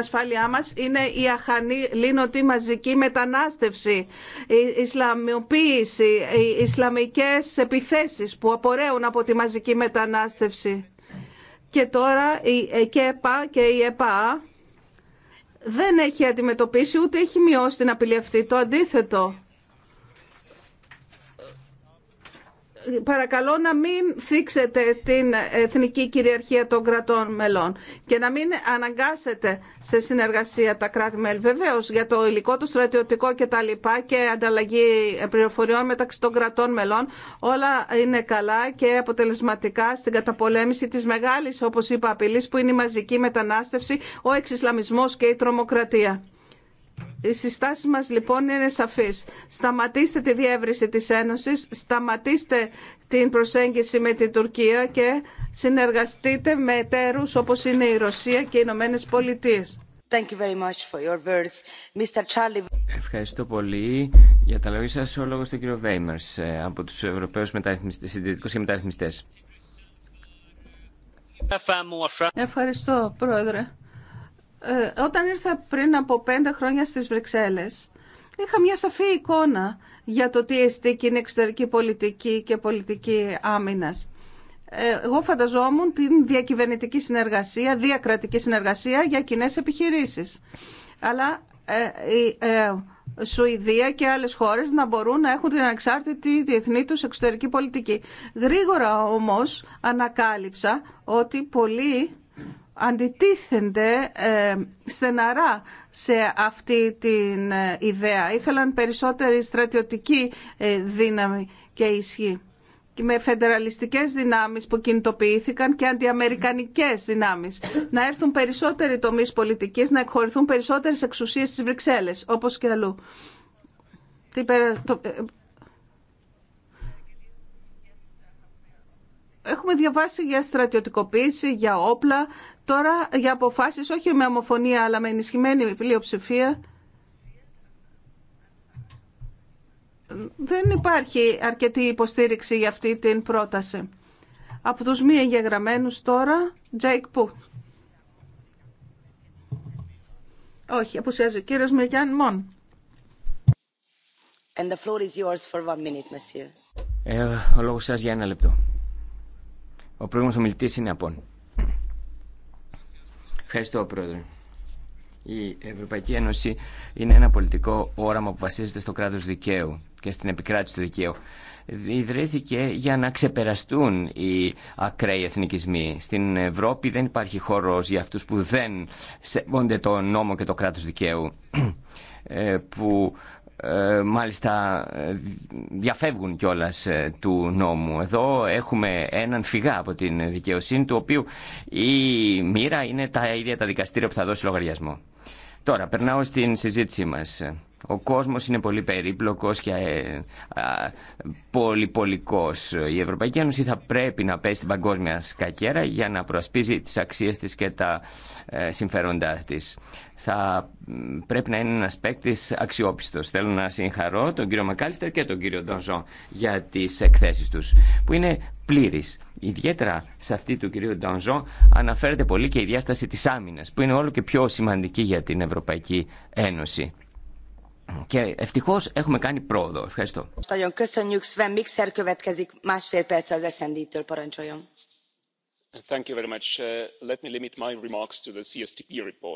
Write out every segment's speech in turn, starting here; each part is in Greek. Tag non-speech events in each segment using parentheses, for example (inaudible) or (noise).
ασφάλειά μας είναι η αχανή λύνωτη μαζική μετανάστευση, η Ισλαμιοποίηση, οι Ισλαμικές επιθέσεις που απορρέουν από τη μαζική μετανάστευση. Και τώρα η ΕΚΕΠΑ και η ΕΠΑ δεν έχει αντιμετωπίσει ούτε έχει μειώσει την απειλή αυτή. Το αντίθετο παρακαλώ να μην θίξετε την εθνική κυριαρχία των κρατών μελών και να μην αναγκάσετε σε συνεργασία τα κράτη-μέλη. βεβαίω για το υλικό, το στρατιωτικό και και ανταλλαγή πληροφοριών μεταξύ των κρατών μελών όλα είναι καλά και αποτελεσματικά στην καταπολέμηση τη μεγάλη, όπω είπα απειλή, που είναι η μαζική μετανάστευση, ο εξισλαμισμό και η τρομοκρατία. Οι συστάσει μας λοιπόν είναι σαφεί. Σταματήστε τη διεύρυνση της Ένωσης, σταματήστε την προσέγγιση με την Τουρκία και συνεργαστείτε με εταίρου όπως είναι η Ρωσία και οι Ηνωμένε Πολιτείε. Ευχαριστώ πολύ για τα λόγια σας. Ο λόγος του κύριο Βέιμερς ε, από τους Ευρωπαίους Συντηρητικούς και Μεταρρυθμιστές. Ευχαριστώ, Πρόεδρε. Ε, όταν ήρθα πριν από πέντε χρόνια στις Βρυξέλλες, είχα μια σαφή εικόνα για το τι εστίκει είναι εξωτερική πολιτική και πολιτική άμυνας. Ε, εγώ φανταζόμουν την διακυβερνητική συνεργασία, διακρατική συνεργασία για κοινέ επιχειρήσεις. Αλλά ε, η ε, Σουηδία και άλλες χώρες να μπορούν να έχουν την ανεξάρτητη διεθνή τους εξωτερική πολιτική. Γρήγορα όμως ανακάλυψα ότι πολλοί αντιτίθενται ε, στεναρά σε αυτή την ε, ιδέα. Ήθελαν περισσότερη στρατιωτική ε, δύναμη και ισχύ με φεντεραλιστικές δυνάμεις που κινητοποιήθηκαν και αντιαμερικανικές δυνάμεις. Να έρθουν περισσότεροι τομείς πολιτικής, να εκχωρηθούν περισσότερες εξουσίες στις Βρυξέλλες, όπως και αλλού. Έχουμε διαβάσει για στρατιωτικοποίηση, για όπλα, τώρα για αποφάσεις όχι με ομοφωνία αλλά με ενισχυμένη πλειοψηφία. Δεν υπάρχει αρκετή υποστήριξη για αυτή την πρόταση. Από τους μη εγγεγραμμένους τώρα, Τζέικ Πού. Όχι, αποσιάζει ο κύριος Μιλιάν Μον. Ε, ο λόγος σας για ένα λεπτό. Ο προηγούμενος ομιλητής είναι απόν. Ευχαριστώ, Πρόεδρε. Η Ευρωπαϊκή Ένωση είναι ένα πολιτικό όραμα που βασίζεται στο κράτος δικαίου και στην επικράτηση του δικαίου. Ιδρύθηκε για να ξεπεραστούν οι ακραίοι εθνικισμοί. Στην Ευρώπη δεν υπάρχει χώρος για αυτούς που δεν σέβονται το νόμο και το κράτος δικαίου (clears throat) ε, που ε, μάλιστα ε, διαφεύγουν κιόλας ε, του νόμου. Εδώ έχουμε έναν φυγά από την δικαιοσύνη του οποίου η μοίρα είναι τα ίδια τα δικαστήρια που θα δώσει λογαριασμό. Τώρα, περνάω στην συζήτησή μας. Ο κόσμος είναι πολύ περίπλοκος και ε, πολυπολικός. Η Ευρωπαϊκή Ένωση θα πρέπει να πέσει στην παγκόσμια σκακέρα για να προασπίζει τις αξίες της και τα ε, συμφέροντά της. Θα πρέπει να είναι ένας παίκτη αξιόπιστος. Θέλω να συγχαρώ τον κύριο Μακάλιστερ και τον κύριο Ντόνζο για τις εκθέσεις τους, που είναι πλήρης ιδιαίτερα σε αυτή του κυρίου Ντανζό αναφέρεται πολύ και η διάσταση της άμυνας που είναι όλο και πιο σημαντική για την Ευρωπαϊκή Ένωση. Και ευτυχώ έχουμε κάνει πρόοδο. Ευχαριστώ.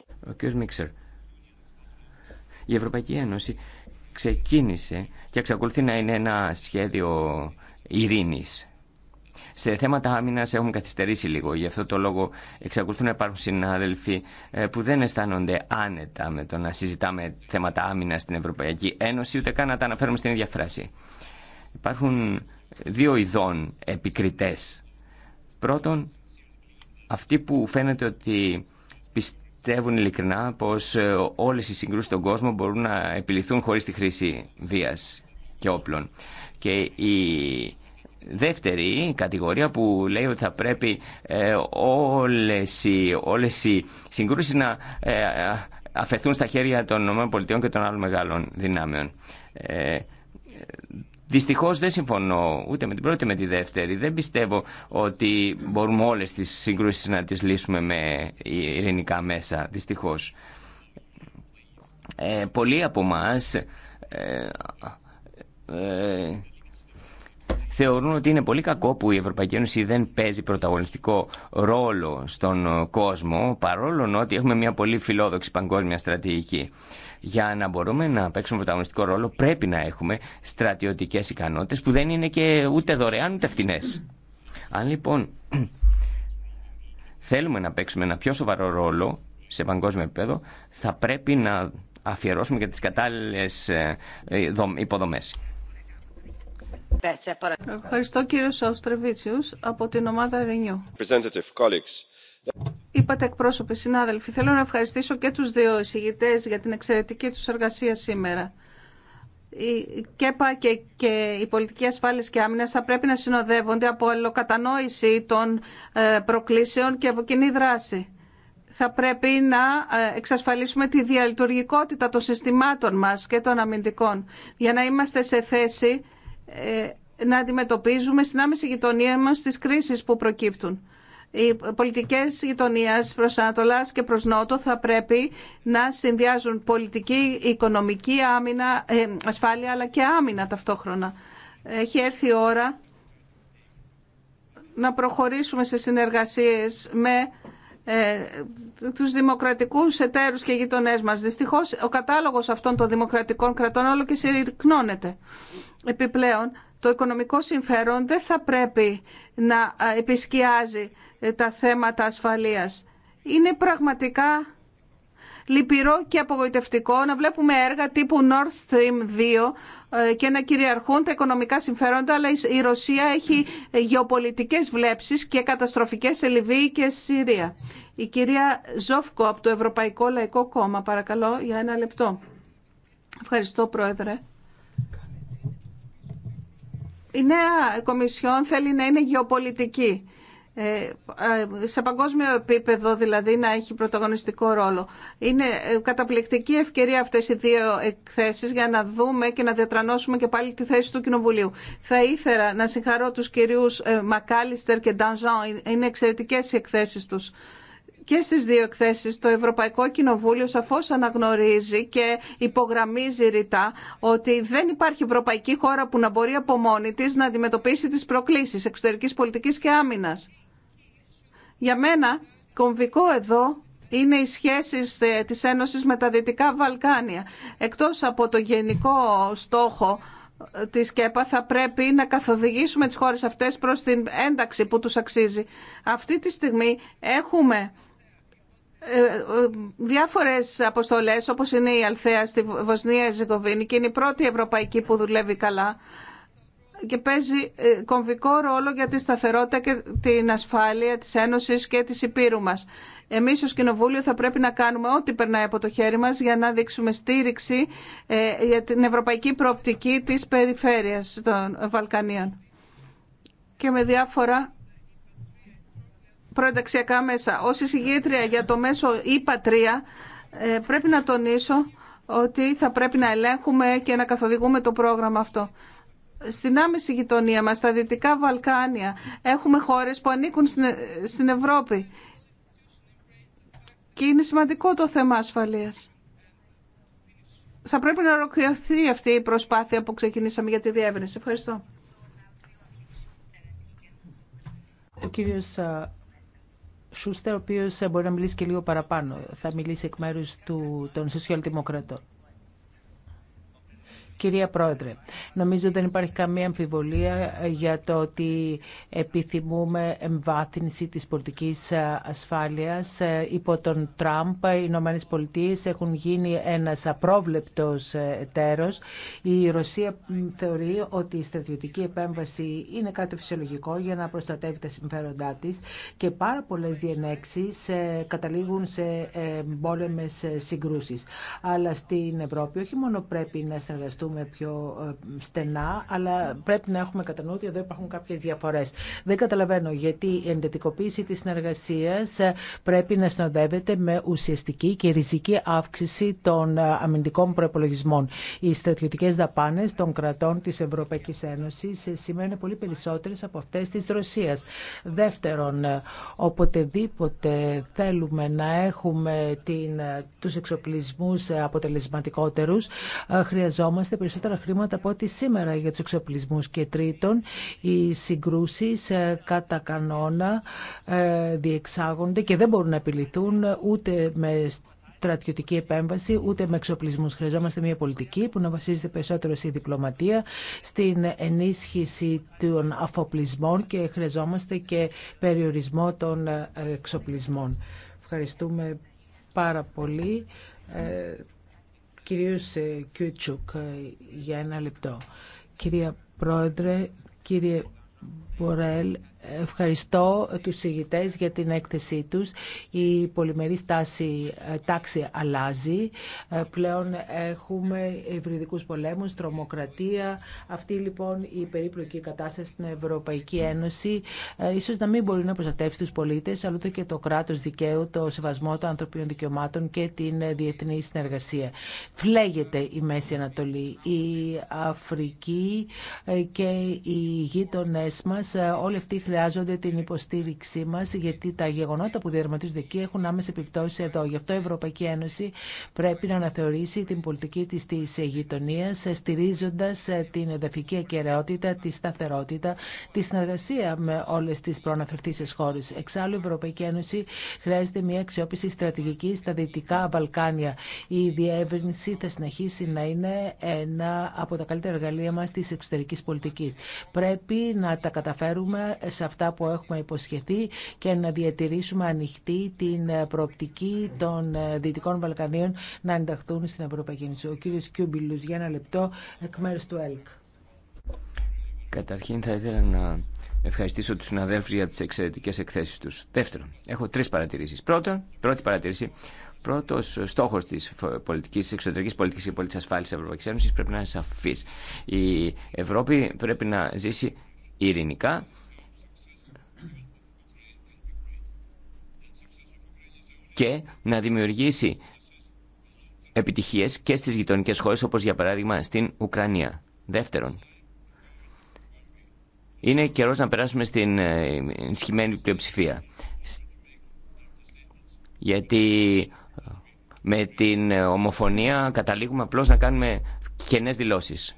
Ο κ. Μίξερ, η Ευρωπαϊκή Ένωση ξεκίνησε και εξακολουθεί να είναι ένα σχέδιο ειρήνης σε θέματα άμυνα έχουν καθυστερήσει λίγο. Γι' αυτό το λόγο εξακολουθούν να υπάρχουν συνάδελφοι ε, που δεν αισθάνονται άνετα με το να συζητάμε θέματα άμυνα στην Ευρωπαϊκή Ένωση, ούτε καν να τα αναφέρουμε στην ίδια φράση. Υπάρχουν δύο ειδών επικριτές. Πρώτον, αυτοί που φαίνεται ότι πιστεύουν ειλικρινά πως ε, όλες οι συγκρούσεις στον κόσμο μπορούν να επιληθούν χωρίς τη χρήση βίας και όπλων. Και οι δεύτερη κατηγορία που λέει ότι θα πρέπει ε, όλες οι, όλες συγκρούσεις να ε, αφαιθούν στα χέρια των ΗΠΑ και των άλλων μεγάλων δυνάμεων. Ε, Δυστυχώ δεν συμφωνώ ούτε με την πρώτη με τη δεύτερη. Δεν πιστεύω ότι μπορούμε όλε τι συγκρούσει να τι λύσουμε με ειρηνικά μέσα. Δυστυχώ. Ε, πολλοί από εμά θεωρούν ότι είναι πολύ κακό που η Ευρωπαϊκή Ένωση δεν παίζει πρωταγωνιστικό ρόλο στον κόσμο, παρόλο ότι έχουμε μια πολύ φιλόδοξη παγκόσμια στρατηγική. Για να μπορούμε να παίξουμε πρωταγωνιστικό ρόλο, πρέπει να έχουμε στρατιωτικέ ικανότητε που δεν είναι και ούτε δωρεάν ούτε φθηνέ. Αν λοιπόν (clears throat) θέλουμε να παίξουμε ένα πιο σοβαρό ρόλο σε παγκόσμιο επίπεδο, θα πρέπει να αφιερώσουμε και τις κατάλληλες ε, ε, υποδομές. Ευχαριστώ κύριο Σαουστρεβίτσιους από την ομάδα Renew. Είπατε εκπρόσωποι, συνάδελφοι, θέλω να ευχαριστήσω και τους δύο εισηγητές για την εξαιρετική τους εργασία σήμερα. Η ΚΕΠΑ και, και η πολιτική ασφάλεια και άμυνας θα πρέπει να συνοδεύονται από αλλοκατανόηση των ε, προκλήσεων και από κοινή δράση. Θα πρέπει να ε, εξασφαλίσουμε τη διαλειτουργικότητα των συστημάτων μας και των αμυντικών για να είμαστε σε θέση ε, να αντιμετωπίζουμε στην άμεση γειτονία μας τις κρίσεις που προκύπτουν. Οι πολιτικές γειτονίας προς Ανατολά και προς Νότο θα πρέπει να συνδυάζουν πολιτική, οικονομική άμυνα, ε, ασφάλεια αλλά και άμυνα ταυτόχρονα. Έχει έρθει η ώρα να προχωρήσουμε σε συνεργασίες με ε, τους δημοκρατικούς εταίρους και γειτονές μας. Δυστυχώς ο κατάλογος αυτών των δημοκρατικών κρατών όλο και συρρυκνώνεται. Επιπλέον, το οικονομικό συμφέρον δεν θα πρέπει να επισκιάζει ε, τα θέματα ασφαλείας. Είναι πραγματικά λυπηρό και απογοητευτικό να βλέπουμε έργα τύπου Nord Stream 2 ε, και να κυριαρχούν τα οικονομικά συμφέροντα, αλλά η Ρωσία έχει ε, γεωπολιτικές βλέψεις και καταστροφικές σε Λιβύη και Συρία. Η κυρία Ζόφκο από το Ευρωπαϊκό Λαϊκό Κόμμα, παρακαλώ για ένα λεπτό. Ευχαριστώ, Πρόεδρε. Η νέα Κομισιόν θέλει να είναι γεωπολιτική. Ε, ε, σε παγκόσμιο επίπεδο δηλαδή να έχει πρωταγωνιστικό ρόλο. Είναι ε, καταπληκτική ευκαιρία αυτές οι δύο εκθέσεις για να δούμε και να διατρανώσουμε και πάλι τη θέση του Κοινοβουλίου. Θα ήθελα να συγχαρώ τους κυρίους Μακάλιστερ και Ντανζάν. Είναι εξαιρετικές οι εκθέσεις τους και στις δύο εκθέσεις το Ευρωπαϊκό Κοινοβούλιο σαφώς αναγνωρίζει και υπογραμμίζει ρητά ότι δεν υπάρχει ευρωπαϊκή χώρα που να μπορεί από μόνη της να αντιμετωπίσει τις προκλήσεις εξωτερικής πολιτικής και άμυνας. Για μένα κομβικό εδώ είναι οι σχέσεις ε, της Ένωσης με τα Δυτικά Βαλκάνια. Εκτός από το γενικό στόχο ε, τη ΚΕΠΑ θα πρέπει να καθοδηγήσουμε τις χώρες αυτές προς την ένταξη που τους αξίζει. Αυτή τη στιγμή έχουμε ε, ε, Διάφορε αποστολές όπως είναι η Αλθέα στη Βοσνία Ζεγοβίνη και είναι η πρώτη ευρωπαϊκή που δουλεύει καλά και παίζει ε, κομβικό ρόλο για τη σταθερότητα και την ασφάλεια της Ένωσης και της Υπήρου μας. Εμείς ως Κοινοβούλιο θα πρέπει να κάνουμε ό,τι περνάει από το χέρι μας για να δείξουμε στήριξη για την ευρωπαϊκή προοπτική της περιφέρειας των Βαλκανίων. Και με διάφορα προενταξιακά μέσα. Ω εισηγήτρια για το μεσο η ΙΠΑ3 ε, πρέπει να τονίσω ότι θα πρέπει να ελέγχουμε και να καθοδηγούμε το πρόγραμμα αυτό. Στην άμεση γειτονία μας, στα Δυτικά Βαλκάνια, έχουμε χώρες που ανήκουν στην Ευρώπη και είναι σημαντικό το θέμα ασφαλείας. Θα πρέπει να ολοκληρωθεί αυτή η προσπάθεια που ξεκινήσαμε για τη διεύρυνση. Ευχαριστώ. Ο κύριος Σούστερ, ο οποίο ε, μπορεί να μιλήσει και λίγο παραπάνω. Θα μιλήσει εκ μέρου των σοσιαλδημοκρατών. Κυρία Πρόεδρε, νομίζω δεν υπάρχει καμία αμφιβολία για το ότι επιθυμούμε εμβάθυνση της πολιτικής ασφάλειας. Υπό τον Τραμπ οι Ηνωμένε Πολιτείε έχουν γίνει ένας απρόβλεπτος τέρος. Η Ρωσία θεωρεί ότι η στρατιωτική επέμβαση είναι κάτι φυσιολογικό για να προστατεύει τα συμφέροντά της και πάρα πολλές διενέξεις ε, καταλήγουν σε ε, πόλεμες συγκρούσεις. Αλλά στην Ευρώπη όχι μόνο πρέπει να συνεργαστούμε πιο ε, στενά, αλλά πρέπει να έχουμε κατά νου ότι εδώ υπάρχουν κάποιε διαφορέ. Δεν καταλαβαίνω γιατί η εντετικοποίηση τη συνεργασία ε, πρέπει να συνοδεύεται με ουσιαστική και ριζική αύξηση των ε, αμυντικών προπολογισμών. Οι στρατιωτικέ δαπάνε των κρατών της Ευρωπαϊκής Ένωσης σημαίνουν πολύ περισσότερε από αυτέ της Ρωσία. Δεύτερον, οποτεδήποτε θέλουμε να έχουμε του εξοπλισμού αποτελεσματικότερου, χρειαζόμαστε περισσότερα χρήματα από ό,τι σήμερα για τους εξοπλισμούς. Και τρίτον, οι συγκρούσεις ε, κατά κανόνα ε, διεξάγονται και δεν μπορούν να επιληθούν ούτε με στρατιωτική επέμβαση, ούτε με εξοπλισμού. Χρειαζόμαστε μια πολιτική που να βασίζεται περισσότερο στη διπλωματία, στην ενίσχυση των αφοπλισμών και χρειαζόμαστε και περιορισμό των ε, εξοπλισμών. Ευχαριστούμε πάρα πολύ κυρίως ε, Κιούτσουκ ε, για ένα λεπτό. Κυρία Πρόεδρε, κύριε Μπορέλ, Ευχαριστώ τους συγητές για την έκθεσή τους. Η πολυμερή ε, τάξη αλλάζει. Ε, πλέον έχουμε υβριδικούς πολέμους, τρομοκρατία. Αυτή λοιπόν η περίπλοκη κατάσταση στην Ευρωπαϊκή Ένωση ε, ίσως να μην μπορεί να προστατεύσει τους πολίτες, αλλά ούτε και το κράτος δικαίου, το σεβασμό των ανθρωπίνων δικαιωμάτων και την διεθνή συνεργασία. Φλέγεται η Μέση Ανατολή, η Αφρική και οι γείτονές μας. Όλοι αυτοί χρειάζονται την υποστήριξή μα γιατί τα γεγονότα που διαδραματίζονται εκεί έχουν άμεση επιπτώσει εδώ. Γι' αυτό η Ευρωπαϊκή Ένωση πρέπει να αναθεωρήσει την πολιτική τη τη γειτονία, στηρίζοντας ε, την εδαφική ακαιρεότητα, τη σταθερότητα, τη συνεργασία με όλε τι προαναφερθήσει χώρε. Εξάλλου η Ευρωπαϊκή Ένωση χρειάζεται μια αξιόπιση στρατηγική στα Δυτικά Βαλκάνια. Η διεύρυνση θα συνεχίσει να είναι ένα από τα καλύτερα εργαλεία μα τη εξωτερική πολιτική. Πρέπει να τα καταφέρουμε σε αυτά που έχουμε υποσχεθεί και να διατηρήσουμε ανοιχτή την προοπτική των ε, Δυτικών Βαλκανίων να ενταχθούν στην Ευρωπαϊκή Ένωση. Ο κύριος Κιούμπιλους για ένα λεπτό εκ μέρους του ΕΛΚ. Καταρχήν θα ήθελα να ευχαριστήσω τους συναδέλφους για τις εξαιρετικές εκθέσεις τους. Δεύτερον, έχω τρεις παρατηρήσεις. Πρώτον, πρώτη παρατηρήση, πρώτο στόχο τη πολιτικής, εξωτερική πολιτική και πολιτική ασφάλεια τη Ευρωπαϊκή Ένωση πρέπει να είναι σαφή. Η Ευρώπη πρέπει να ζήσει ειρηνικά και να δημιουργήσει επιτυχίες και στις γειτονικές χώρες όπως για παράδειγμα στην Ουκρανία. Δεύτερον, είναι καιρός να περάσουμε στην ε, ενισχυμένη πλειοψηφία. Γιατί ε, με την ε, ομοφωνία καταλήγουμε απλώς να κάνουμε κενές δηλώσεις.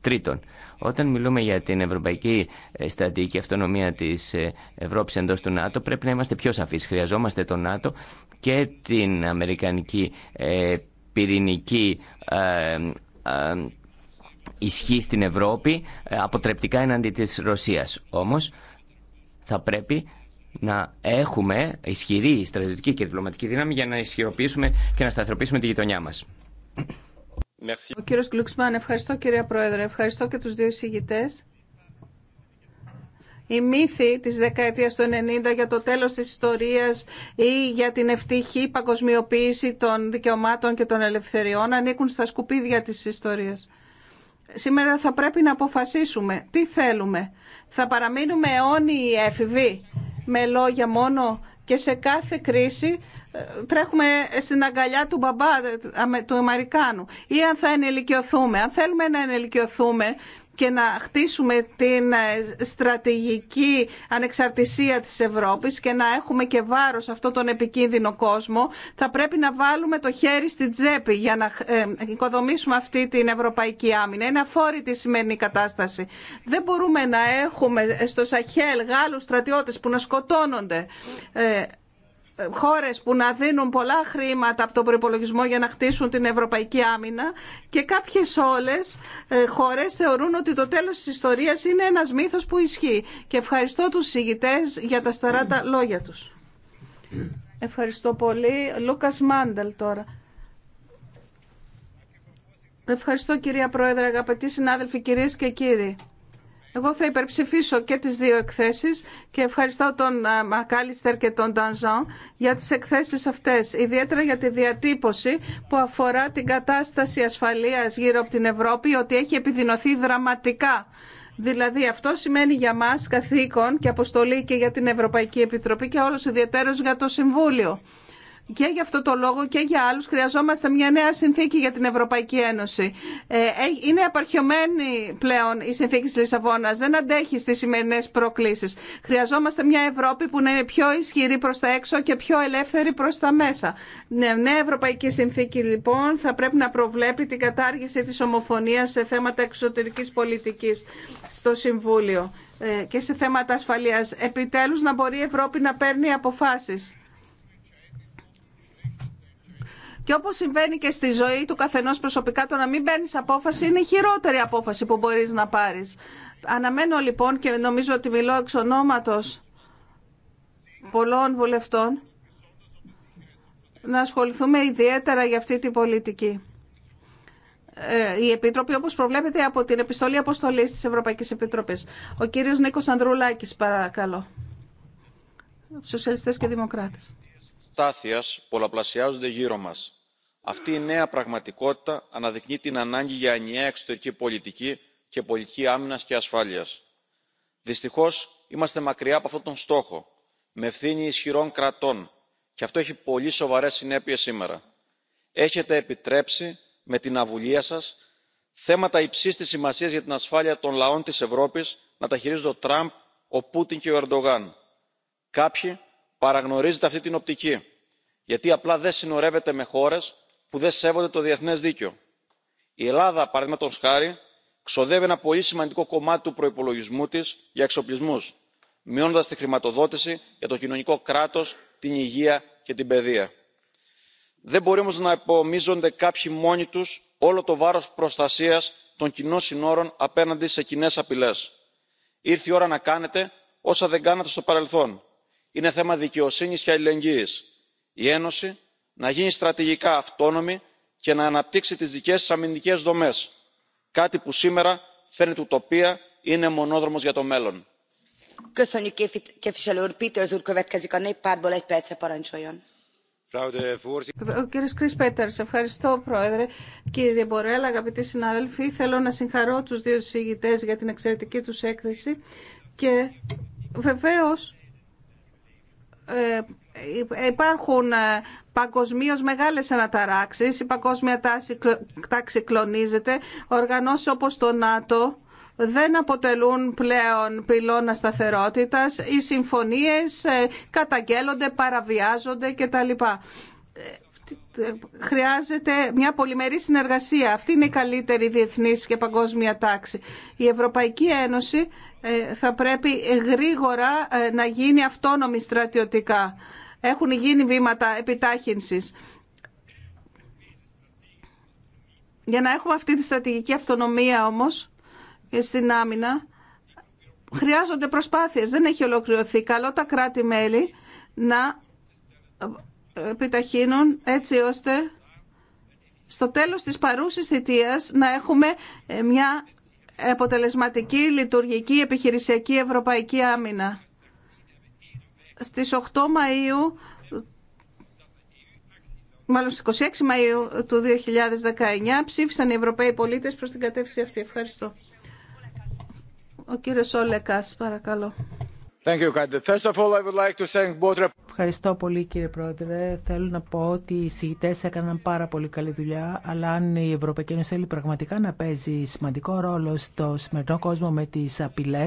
Τρίτον, όταν μιλούμε για την ευρωπαϊκή ε, στρατηγική αυτονομία τη ε, Ευρώπη εντό του ΝΑΤΟ, πρέπει να είμαστε πιο σαφεί. Χρειαζόμαστε το ΝΑΤΟ και την αμερικανική ε, πυρηνική ισχύ στην Ευρώπη αποτρεπτικά εναντί της Ρωσίας. Όμως θα πρέπει να έχουμε ισχυρή στρατιωτική και διπλωματική δύναμη για να ισχυροποιήσουμε και να σταθεροποιήσουμε τη γειτονιά μας. Merci. Ο κύριος Γκλουξμάν, ευχαριστώ κυρία Πρόεδρε, ευχαριστώ και τους δύο εισηγητές. Η μύθη της δεκαετίας του 90 για το τέλος της ιστορίας ή για την ευτυχή παγκοσμιοποίηση των δικαιωμάτων και των ελευθεριών ανήκουν στα σκουπίδια της ιστορίας. Σήμερα θα πρέπει να αποφασίσουμε τι θέλουμε. Θα παραμείνουμε αιώνιοι έφηβοι με λόγια μόνο και σε κάθε κρίση ε, τρέχουμε στην αγκαλιά του μπαμπά, ε, του Αμερικάνου. Ή αν θα ενελικιωθούμε. Αν θέλουμε να ενελικιωθούμε και να χτίσουμε την ε, στρατηγική ανεξαρτησία της Ευρώπης και να έχουμε και βάρος σε αυτόν τον επικίνδυνο κόσμο, θα πρέπει να βάλουμε το χέρι στην τσέπη για να ε, οικοδομήσουμε αυτή την ευρωπαϊκή άμυνα. Είναι αφόρητη η κατάσταση. Δεν μπορούμε να έχουμε στο Σαχέλ Γάλλους στρατιώτες που να σκοτώνονται ε, χώρες που να δίνουν πολλά χρήματα από τον προπολογισμό για να χτίσουν την ευρωπαϊκή άμυνα και κάποιες όλες ε, χώρες θεωρούν ότι το τέλος της ιστορίας είναι ένας μύθος που ισχύει. Και ευχαριστώ του συγητέ για τα σταράτα λόγια τους. Ευχαριστώ πολύ. Λούκα Μάντελ τώρα. Ευχαριστώ κυρία Πρόεδρε, αγαπητοί συνάδελφοι, κυρίες και κύριοι. Εγώ θα υπερψηφίσω και τις δύο εκθέσεις και ευχαριστώ τον ε, Μακάλιστερ και τον Τανζάν για τις εκθέσεις αυτές, ιδιαίτερα για τη διατύπωση που αφορά την κατάσταση ασφαλείας γύρω από την Ευρώπη, ότι έχει επιδεινωθεί δραματικά. Δηλαδή αυτό σημαίνει για μας καθήκον και αποστολή και για την Ευρωπαϊκή Επιτροπή και όλος ιδιαίτερος για το Συμβούλιο. Και για αυτό το λόγο και για άλλου χρειαζόμαστε μια νέα συνθήκη για την Ευρωπαϊκή Ένωση. Ε, ε, είναι απαρχιωμένη πλέον η συνθήκη τη Λισαβόνα. δεν αντέχει στι σημερινέ προκλήσει. Χρειαζόμαστε μια Ευρώπη που να είναι πιο ισχυρή προ τα έξω και πιο ελεύθερη προ τα μέσα. Ναι, νέα Ευρωπαϊκή Συνθήκη λοιπόν θα πρέπει να προβλέπει την κατάργηση τη ομοφωνία σε θέματα εξωτερική πολιτική στο Συμβούλιο ε, και σε θέματα ασφαλεία. Επιτέλου να μπορεί η Ευρώπη να παίρνει αποφάσει. Και όπω συμβαίνει και στη ζωή του καθενός προσωπικά, το να μην παίρνει απόφαση είναι η χειρότερη απόφαση που μπορεί να πάρεις. Αναμένω λοιπόν και νομίζω ότι μιλώ εξ ονόματο πολλών βουλευτών να ασχοληθούμε ιδιαίτερα για αυτή την πολιτική. Ε, η Επίτροπη, όπως προβλέπετε, από την επιστολή αποστολής της Ευρωπαϊκής Επιτροπής. Ο κύριος Νίκος Ανδρουλάκης, παρακαλώ. Σοσιαλιστές και Δημοκράτες. Στάθειας πολλαπλασιάζονται γύρω μας αυτή η νέα πραγματικότητα αναδεικνύει την ανάγκη για ενιαία εξωτερική πολιτική και πολιτική άμυνα και ασφάλεια. Δυστυχώ είμαστε μακριά από αυτόν τον στόχο με ευθύνη ισχυρών κρατών και αυτό έχει πολύ σοβαρέ συνέπειε σήμερα. έχετε επιτρέψει με την αβουλία σα θέματα υψή τη σημασία για την ασφάλεια των λαών τη Ευρώπη να τα χειρίζονται ο τραμπ ο πούτιν και ο ερντογάν. κάποιοι παραγνωρίζετε αυτή την οπτική γιατί απλά δεν συνορεύεται με χώρε που δεν σέβονται το διεθνέ δίκαιο. η ελλάδα παραδείγματο χάρη ξοδεύει ένα πολύ σημαντικό κομμάτι του προπολογισμού τη για εξοπλισμού μειώνοντα τη χρηματοδότηση για το κοινωνικό κράτο την υγεία και την παιδεία. δεν μπορεί όμω να υπομίζονται κάποιοι μόνοι του όλο το βάρο προστασία των κοινών συνόρων απέναντι σε κοινέ απειλέ. ήρθε η ώρα να κάνετε όσα δεν κάνατε στο παρελθόν. είναι θέμα δικαιοσύνη και αλληλεγγύη. η ένωση να γίνει στρατηγικά αυτόνομη και να αναπτύξει τις δικές της αμυντικές δομές κάτι που σήμερα φαίνεται ουτοπία είναι μονόδρομος για το μέλλον. Ο κύριος Κρίς Πέτερς, ευχαριστώ πρόεδρε. Κύριε Μπορέλα, αγαπητοί συνάδελφοι, θέλω να συγχαρώ τους δύο συζητητές για την εξαιρετική τους έκθεση και βεβαίως ε, ε, υπάρχουν ε, παγκοσμίω μεγάλες αναταράξεις, η παγκόσμια τάξη κλονίζεται, οργανώσεις όπως το ΝΑΤΟ δεν αποτελούν πλέον πυλώνα σταθερότητας, οι συμφωνίες ε, καταγγέλλονται, παραβιάζονται κτλ. Χρειάζεται μια πολυμερή συνεργασία. Αυτή είναι η καλύτερη διεθνής και παγκόσμια τάξη. Η Ευρωπαϊκή Ένωση θα πρέπει γρήγορα να γίνει αυτόνομη στρατιωτικά. Έχουν γίνει βήματα επιτάχυνσης. Για να έχουμε αυτή τη στρατηγική αυτονομία όμως στην άμυνα, χρειάζονται προσπάθειες. Δεν έχει ολοκληρωθεί. Καλό τα κράτη-μέλη να επιταχύνουν έτσι ώστε στο τέλος της παρούσης θητείας να έχουμε μια αποτελεσματική λειτουργική επιχειρησιακή ευρωπαϊκή άμυνα στις 8 Μαΐου μάλλον 26 Μαΐου του 2019 ψήφισαν οι Ευρωπαίοι πολίτες προς την κατεύθυνση αυτή. Ευχαριστώ. Ο κύριος Όλεκας, παρακαλώ. Ευχαριστώ πολύ κύριε Πρόεδρε. Θέλω να πω ότι οι συγητέ έκαναν πάρα πολύ καλή δουλειά, αλλά αν η Ευρωπαϊκή Ένωση θέλει πραγματικά να παίζει σημαντικό ρόλο στο σημερινό κόσμο με τι απειλέ,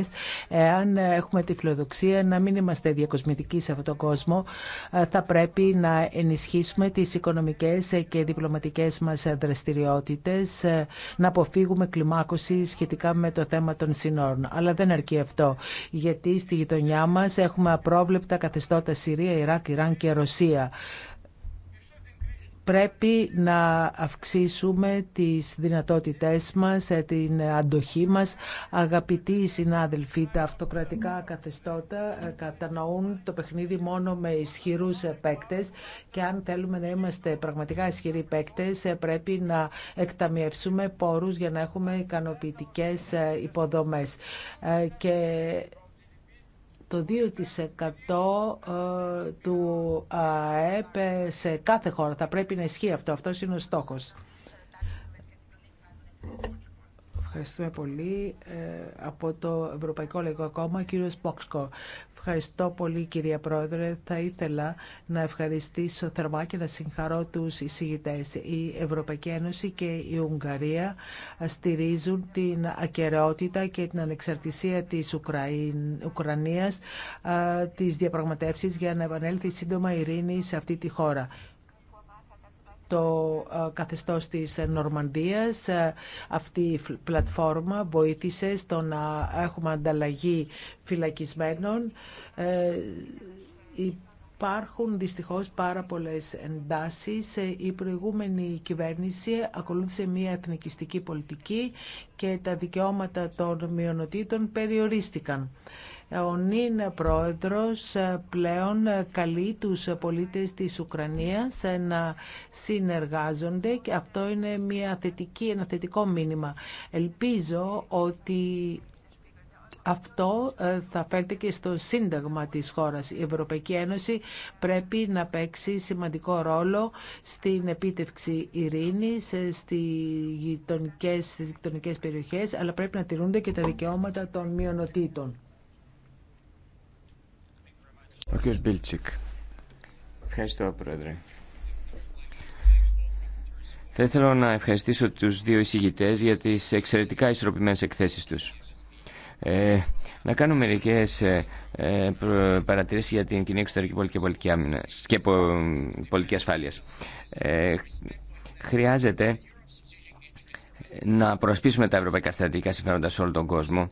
εάν έχουμε τη φιλοδοξία να μην είμαστε διακοσμητικοί σε αυτόν τον κόσμο, θα πρέπει να ενισχύσουμε τι οικονομικέ και διπλωματικέ μα δραστηριότητε, να αποφύγουμε κλιμάκωση σχετικά με το θέμα των συνόρων. Αλλά δεν αρκεί αυτό, γιατί στη γειτονιά γειτονιά μας έχουμε απρόβλεπτα καθεστώτα Συρία, Ιράκ, Ιράν και Ρωσία. Πρέπει να αυξήσουμε τις δυνατότητές μας, ε, την αντοχή μας. Αγαπητοί συνάδελφοι, τα αυτοκρατικά καθεστώτα ε, κατανοούν το παιχνίδι μόνο με ισχυρούς ε, παίκτες και αν θέλουμε να είμαστε πραγματικά ισχυροί παίκτε, πρέπει να εκταμιεύσουμε πόρους για να έχουμε ικανοποιητικέ υποδομές. Και το 2% ε, του ΑΕΠ σε κάθε χώρα. Θα πρέπει να ισχύει αυτό. Αυτός είναι ο στόχος. Ευχαριστούμε πολύ. Ε, από το Ευρωπαϊκό Λαϊκό Κόμμα, κύριο Πόξκο. Ευχαριστώ πολύ κυρία Πρόεδρε. Θα ήθελα να ευχαριστήσω θερμά και να συγχαρώ τους εισηγητέ. Η Ευρωπαϊκή Ένωση και η Ουγγαρία στηρίζουν την ακαιρεότητα και την ανεξαρτησία της Ουκρανίας, ε, τι διαπραγματεύσεις για να επανέλθει σύντομα ειρήνη σε αυτή τη χώρα το ε, καθεστώς της Νορμανδίας. Ε, αυτή η πλατφόρμα βοήθησε στο να έχουμε ανταλλαγή φυλακισμένων. Ε, υπάρχουν δυστυχώς πάρα πολλές εντάσεις. Η προηγούμενη κυβέρνηση ακολούθησε μια εθνικιστική πολιτική και τα δικαιώματα των μειονοτήτων περιορίστηκαν ο νυν πρόεδρος ε, πλέον ε, καλεί τους πολίτες της Ουκρανίας ε, να συνεργάζονται και αυτό είναι μια θετική, ένα θετικό μήνυμα. Ελπίζω ότι αυτό θα φέρτε και στο σύνταγμα της χώρας. Η Ευρωπαϊκή Ένωση πρέπει να παίξει σημαντικό ρόλο στην επίτευξη ειρήνης στις γειτονικές, στις γειτονικές περιοχές, αλλά πρέπει να τηρούνται και τα δικαιώματα των μειονοτήτων. Ο κ. Μπίλτσικ. Ευχαριστώ, Πρόεδρε. Θα ήθελα να ευχαριστήσω τους δύο εισηγητές για τις εξαιρετικά ισορροπημένες εκθέσεις τους. Ε, να κάνω μερικέ ε, ε παρατηρήσει για την κοινή εξωτερική πολιτική και πολιτική, ασφάλειας. Ε, χρειάζεται να προσπίσουμε τα ευρωπαϊκά στρατηγικά συμφέροντα σε όλο τον κόσμο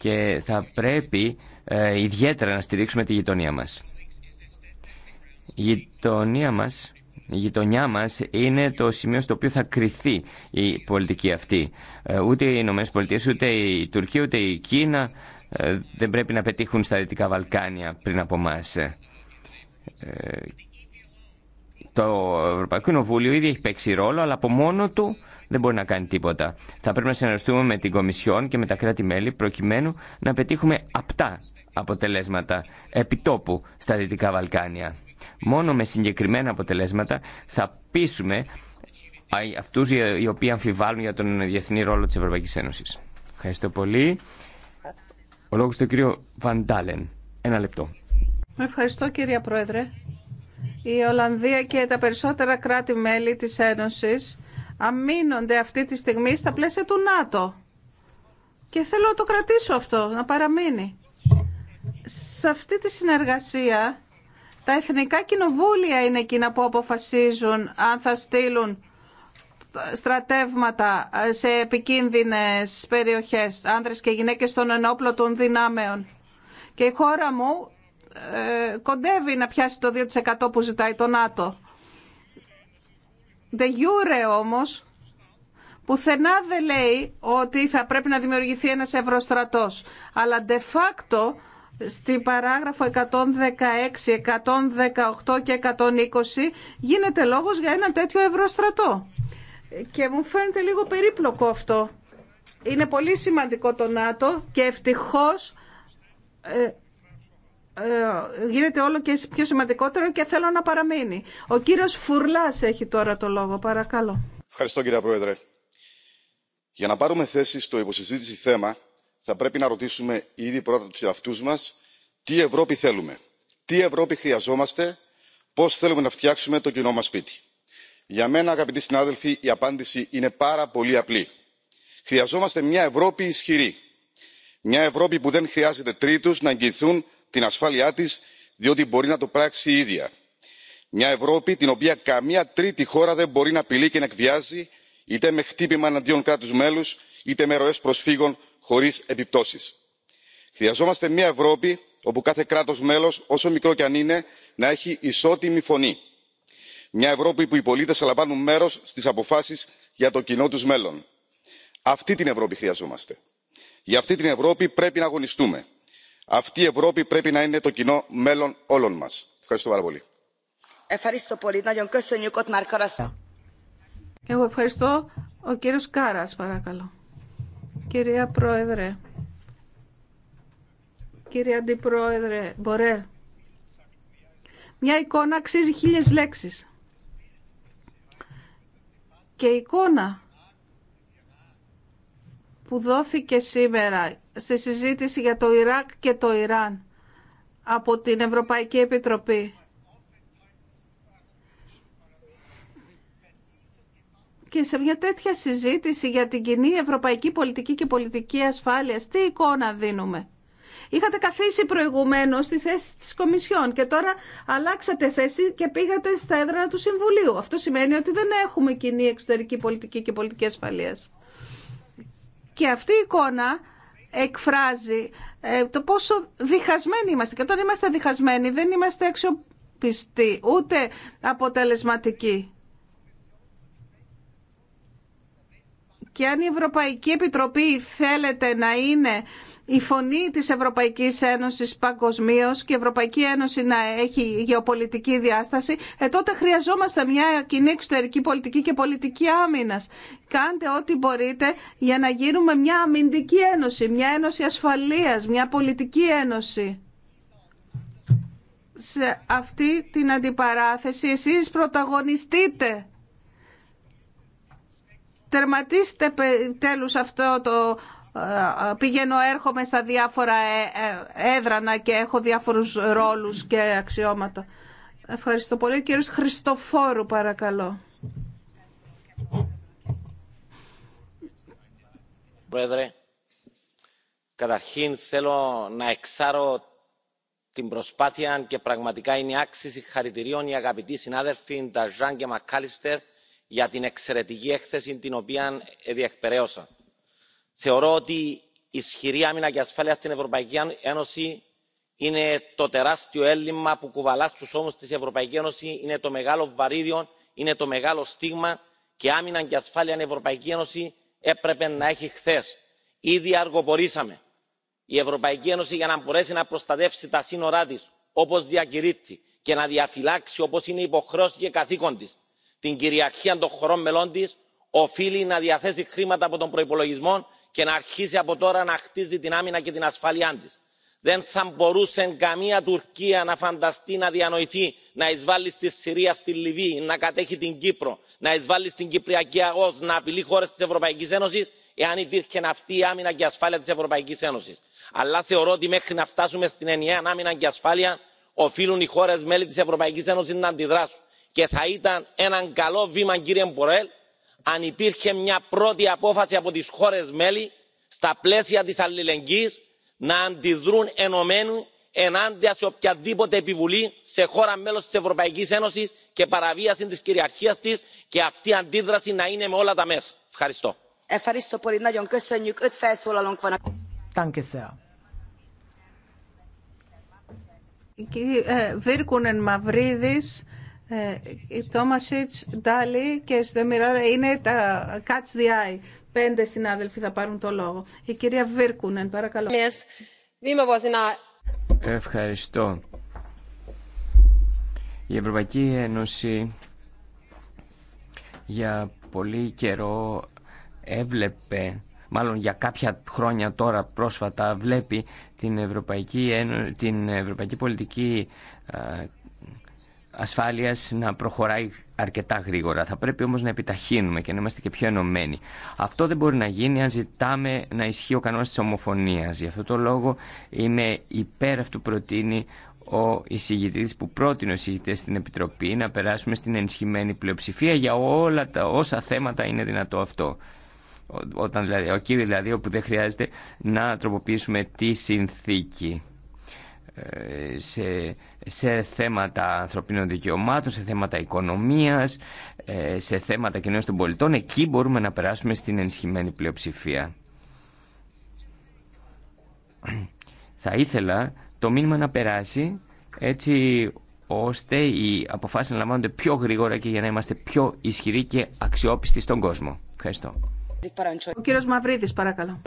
και θα πρέπει ε, ιδιαίτερα να στηρίξουμε τη γειτονία μας. Η γειτονία μας, η γειτονιά μας είναι το σημείο στο οποίο θα κριθεί η πολιτική αυτή. Ε, ούτε οι Ηνωμένες Πολιτείες, ούτε η Τουρκία, ούτε η Κίνα ε, δεν πρέπει να πετύχουν στα Δυτικά Βαλκάνια πριν από εμά. Το Ευρωπαϊκό Κοινοβούλιο ήδη έχει παίξει ρόλο, αλλά από μόνο του δεν μπορεί να κάνει τίποτα. Θα πρέπει να συνεργαστούμε με την Κομισιόν και με τα κράτη-μέλη προκειμένου να πετύχουμε απτά αποτελέσματα επιτόπου στα Δυτικά Βαλκάνια. Μόνο με συγκεκριμένα αποτελέσματα θα πείσουμε αυτού οι οποίοι αμφιβάλλουν για τον διεθνή ρόλο τη Ευρωπαϊκή Ένωση. Ευχαριστώ πολύ. Ο λόγος του κύριο Βαντάλεν. Ένα λεπτό. Ευχαριστώ κύριε Πρόεδρε η Ολλανδία και τα περισσότερα κράτη-μέλη της Ένωσης αμήνονται αυτή τη στιγμή στα πλαίσια του ΝΑΤΟ. Και θέλω να το κρατήσω αυτό, να παραμείνει. Σε αυτή τη συνεργασία τα εθνικά κοινοβούλια είναι εκείνα που αποφασίζουν αν θα στείλουν στρατεύματα σε επικίνδυνες περιοχές, άνδρες και γυναίκες των ενόπλων των δυνάμεων. Και η χώρα μου ε, κοντεύει να πιάσει το 2% που ζητάει το ΝΑΤΟ. Δε γιούρε όμως, πουθενά δεν λέει ότι θα πρέπει να δημιουργηθεί ένας ευρωστρατός. Αλλά de facto, στην παράγραφο 116, 118 και 120 γίνεται λόγος για ένα τέτοιο ευρωστρατό. Και μου φαίνεται λίγο περίπλοκο αυτό. Είναι πολύ σημαντικό το ΝΑΤΟ και ευτυχώς ε, ε, γίνεται όλο και πιο σημαντικότερο και θέλω να παραμείνει. Ο κύριος Φουρλάς έχει τώρα το λόγο. Παρακαλώ. Ευχαριστώ κύριε Πρόεδρε. Για να πάρουμε θέση στο υποσυζήτηση θέμα θα πρέπει να ρωτήσουμε ήδη πρώτα τους εαυτούς μας τι Ευρώπη θέλουμε, τι Ευρώπη χρειαζόμαστε, πώς θέλουμε να φτιάξουμε το κοινό μας σπίτι. Για μένα αγαπητοί συνάδελφοι η απάντηση είναι πάρα πολύ απλή. Χρειαζόμαστε μια Ευρώπη ισχυρή. Μια Ευρώπη που δεν χρειάζεται τρίτους να εγγυηθούν την ασφάλειά τη διότι μπορεί να το πράξει η ίδια. μια ευρώπη την οποία καμία τρίτη χώρα δεν μπορεί να απειλεί και να εκβιάζει είτε με χτύπημα εναντίον κράτου μέλου είτε με ροέ προσφύγων χωρί επιπτώσει. χρειαζόμαστε μια ευρώπη όπου κάθε κράτο μέλο, όσο μικρό κι αν είναι να έχει ισότιμη φωνή. μια ευρώπη που οι πολίτε θα λαμβάνουν μέρο στι αποφάσει για το κοινό του μέλλον. αυτή την ευρώπη χρειαζόμαστε. για αυτή την ευρώπη πρέπει να αγωνιστούμε αυτή η ευρώπη πρέπει να είναι το κοινό μέλλον όλων μας. ευχαριστώ πάρα πολύ. Να Εγώ ευχαριστώ. Ο κύριος Κάρας, παρακαλώ. Κυρία Πρόεδρε, κύριε Αντιπρόεδρε Μπορέλ, μια εικόνα αξίζει χίλιες λέξεις. Και η εικόνα που δόθηκε σήμερα στη συζήτηση για το Ιράκ και το Ιράν από την Ευρωπαϊκή Επιτροπή. Και σε μια τέτοια συζήτηση για την κοινή ευρωπαϊκή πολιτική και πολιτική ασφάλειας, τι εικόνα δίνουμε. Είχατε καθίσει προηγουμένως στη θέση τη Κομισιόν και τώρα αλλάξατε θέση και πήγατε στα έδρανα του Συμβουλίου. Αυτό σημαίνει ότι δεν έχουμε κοινή εξωτερική πολιτική και πολιτική ασφαλεία. Και αυτή η εικόνα εκφράζει ε, το πόσο διχασμένοι είμαστε. Και όταν είμαστε διχασμένοι δεν είμαστε αξιοπιστοί, ούτε αποτελεσματικοί. Και αν η Ευρωπαϊκή Επιτροπή θέλετε να είναι η φωνή της Ευρωπαϊκής Ένωσης παγκοσμίω και η Ευρωπαϊκή Ένωση να έχει γεωπολιτική διάσταση, ε, τότε χρειαζόμαστε μια κοινή εξωτερική πολιτική και πολιτική άμυνας. Κάντε ό,τι μπορείτε για να γίνουμε μια αμυντική ένωση, μια ένωση ασφαλείας, μια πολιτική ένωση. Σε αυτή την αντιπαράθεση εσείς πρωταγωνιστείτε τερματίστε τέλους αυτό το πηγαίνω έρχομαι στα διάφορα ε, ε, έδρανα και έχω διάφορους ρόλους και αξιώματα. Ευχαριστώ πολύ. Ο κύριος Χριστοφόρου παρακαλώ. Πρόεδρε, καταρχήν θέλω να εξάρω την προσπάθεια και πραγματικά είναι άξιση χαρητηρίων οι αγαπητοί συνάδελφοι Νταζάν και Μακάλιστερ για την εξαιρετική έκθεση την οποία διεκπαιρέωσαν θεωρώ ότι ισχυρή άμυνα και ασφάλεια στην ευρωπαϊκή ένωση είναι το τεράστιο έλλειμμα που κουβαλά στους ώμους της η ευρωπαϊκή ένωση είναι το μεγάλο βαρύδιο είναι το μεγάλο στίγμα και άμυνα και ασφάλεια η ευρωπαϊκή ένωση έπρεπε να έχει χθε. ήδη αργοπορήσαμε. η ευρωπαϊκή ένωση για να μπορέσει να προστατεύσει τα σύνορά τη όπω διακηρύττει και να διαφυλάξει όπω είναι υποχρέωση και καθήκον τη την κυριαρχία των χωρών μελών τη οφείλει να διαθέσει χρήματα από τον προπολογισμό και να αρχίσει από τώρα να χτίζει την άμυνα και την ασφαλειά τη. δεν θα μπορούσε καμία τουρκία να φανταστεί να διανοηθεί να εισβάλλει στη συρία στη λιβύη να κατέχει την κύπρο να εισβάλλει στην κυπριακή αγωz να απειλεί χώρε τη ευρωπαϊκή ένωση εάν υπήρχε αυτή η άμυνα και ασφάλεια τη ευρωπαϊκή ένωση. αλλά θεωρώ ότι μέχρι να φτάσουμε στην ενιαία άμυνα και ασφάλεια οφείλουν οι χώρε μέλη τη ευρωπαϊκή ένωση να αντιδράσουν και θα ήταν ένα καλό βήμα κύριε μπορέλ αν υπήρχε μια πρώτη απόφαση από τις χώρες μέλη στα πλαίσια της αλληλεγγύης να αντιδρούν ενωμένου ενάντια σε οποιαδήποτε επιβολή σε χώρα μέλος της ευρωπαϊκής ένωσης και παραβίαση της κυριαρχίας της και αυτή η αντίδραση να είναι με όλα τα μέσα. Ευχαριστώ. Ε, Μαυρίδης, ε, η Τόμασιτς, Ντάλι και Σδεμιρά είναι τα Catch the Eye. Πέντε συνάδελφοι θα πάρουν το λόγο. Η κυρία Βίρκουνεν, παρακαλώ. Ευχαριστώ. Η Ευρωπαϊκή Ένωση για πολύ καιρό έβλεπε, μάλλον για κάποια χρόνια τώρα πρόσφατα βλέπει την Ευρωπαϊκή, την Ευρωπαϊκή Πολιτική ε, να προχωράει αρκετά γρήγορα. Θα πρέπει όμω να επιταχύνουμε και να είμαστε και πιο ενωμένοι. Αυτό δεν μπορεί να γίνει αν ζητάμε να ισχύει ο κανόνα τη ομοφωνία. Γι' αυτό το λόγο είμαι υπέρ αυτού προτείνει ο εισηγητή που πρότεινε ο εισηγητή στην Επιτροπή να περάσουμε στην ενισχυμένη πλειοψηφία για όλα τα όσα θέματα είναι δυνατό αυτό. Όταν δηλαδή, ο κύριο δηλαδή όπου δεν χρειάζεται να τροποποιήσουμε τη συνθήκη. Ε, σε, σε θέματα ανθρωπίνων δικαιωμάτων, σε θέματα οικονομίας, ε, σε θέματα κοινωνίας των πολιτών. Εκεί μπορούμε να περάσουμε στην ενισχυμένη πλειοψηφία. Θα ήθελα το μήνυμα να περάσει έτσι ώστε οι αποφάσεις να λαμβάνονται πιο γρήγορα και για να είμαστε πιο ισχυροί και αξιόπιστοι στον κόσμο. Ευχαριστώ. Ο κύριος Μαυρίδης, παρακαλώ.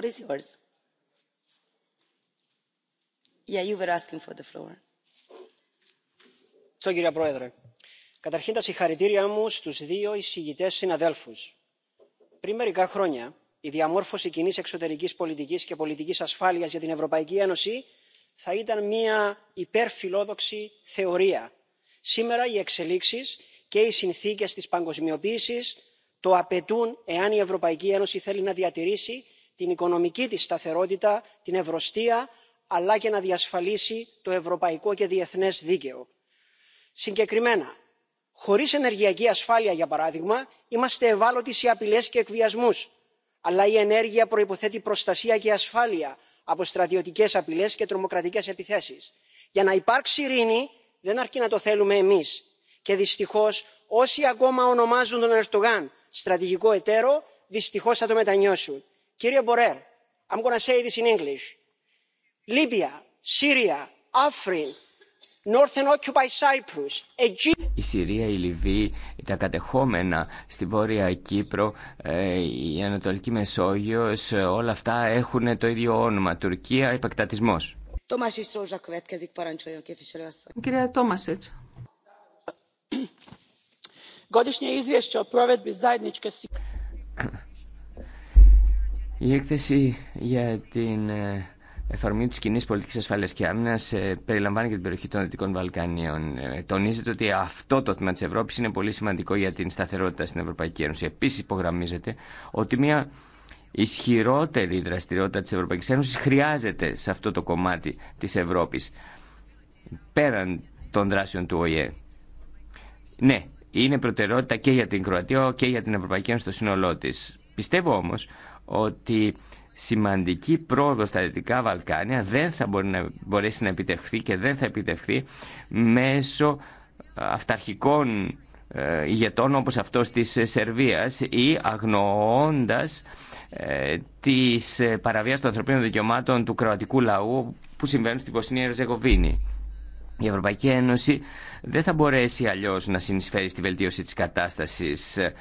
Yeah, you were asking for the floor κύριε πρόεδρε καταρχήν τα συγχαρητήριά μου στους δύο εισηγητές συναδέλφους. πριν μερικά χρόνια η διαμόρφωση κοινή εξωτερικής πολιτικής και πολιτικής ασφάλειας για την ευρωπαϊκή ένωση θα ήταν μια υπερφιλόδοξη θεωρία. σήμερα οι εξελίξεις και οι συνθήκες της παγκοσμιοποίησης το απαιτούν εάν η ευρωπαϊκή ένωση θέλει να διατηρήσει την οικονομική της σταθερότητα την ευρωστία αλλά και να διασφαλίσει το ευρωπαϊκό και διεθνές δίκαιο συγκεκριμένα χωρίς ενεργειακή ασφάλεια για παράδειγμα είμαστε ευάλωτοι σε απειλές και εκβιασμούς αλλά η ενέργεια προϋποθέτει προστασία και ασφάλεια από στρατιωτικές απειλές και τρομοκρατικές επιθέσεις. για να υπάρξει ειρήνη δεν αρκεί να το θέλουμε εμείς και δυστυχώς όσοι ακόμα ονομάζουν τον ερντογάν στρατηγικό εταίρο δυστυχώς θα το μετανιώσουν. κύριε Μπορέρ, i'm going say this in english libya syria η Συρία, η Λιβύη, τα κατεχόμενα στη Βόρεια Κύπρο, ε, η Ανατολική Μεσόγειος, ε, όλα αυτά έχουν το ίδιο όνομα. Τουρκία, επεκτατισμός. Κυρία Τόμασιτς. Η έκθεση για την ε, εφαρμογή τη κοινή πολιτική ασφάλεια και άμυνα ε, περιλαμβάνει και την περιοχή των Δυτικών Βαλκανίων. Ε, τονίζεται ότι αυτό το τμήμα τη Ευρώπη είναι πολύ σημαντικό για την σταθερότητα στην Ευρωπαϊκή Ένωση. Επίση, υπογραμμίζεται ότι μια ισχυρότερη δραστηριότητα τη Ευρωπαϊκή Ένωση χρειάζεται σε αυτό το κομμάτι τη Ευρώπη πέραν των δράσεων του ΟΗΕ. Ναι, είναι προτεραιότητα και για την Κροατία και για την Ευρωπαϊκή Ένωση στο σύνολό τη. Πιστεύω όμω ότι σημαντική πρόοδο στα Δυτικά Βαλκάνια δεν θα να, μπορέσει να επιτευχθεί και δεν θα επιτευχθεί μέσω αυταρχικών ε, ηγετών όπως αυτός της Σερβίας ή αγνοώντας ε, τις ε, των ανθρωπίνων δικαιωμάτων του κροατικού λαού που συμβαίνουν στην Βοσνία Ρεζεγοβίνη. Η Ευρωπαϊκή Ένωση δεν θα μπορέσει αλλιώς να συνεισφέρει στη βελτίωση της κατάστασης ε,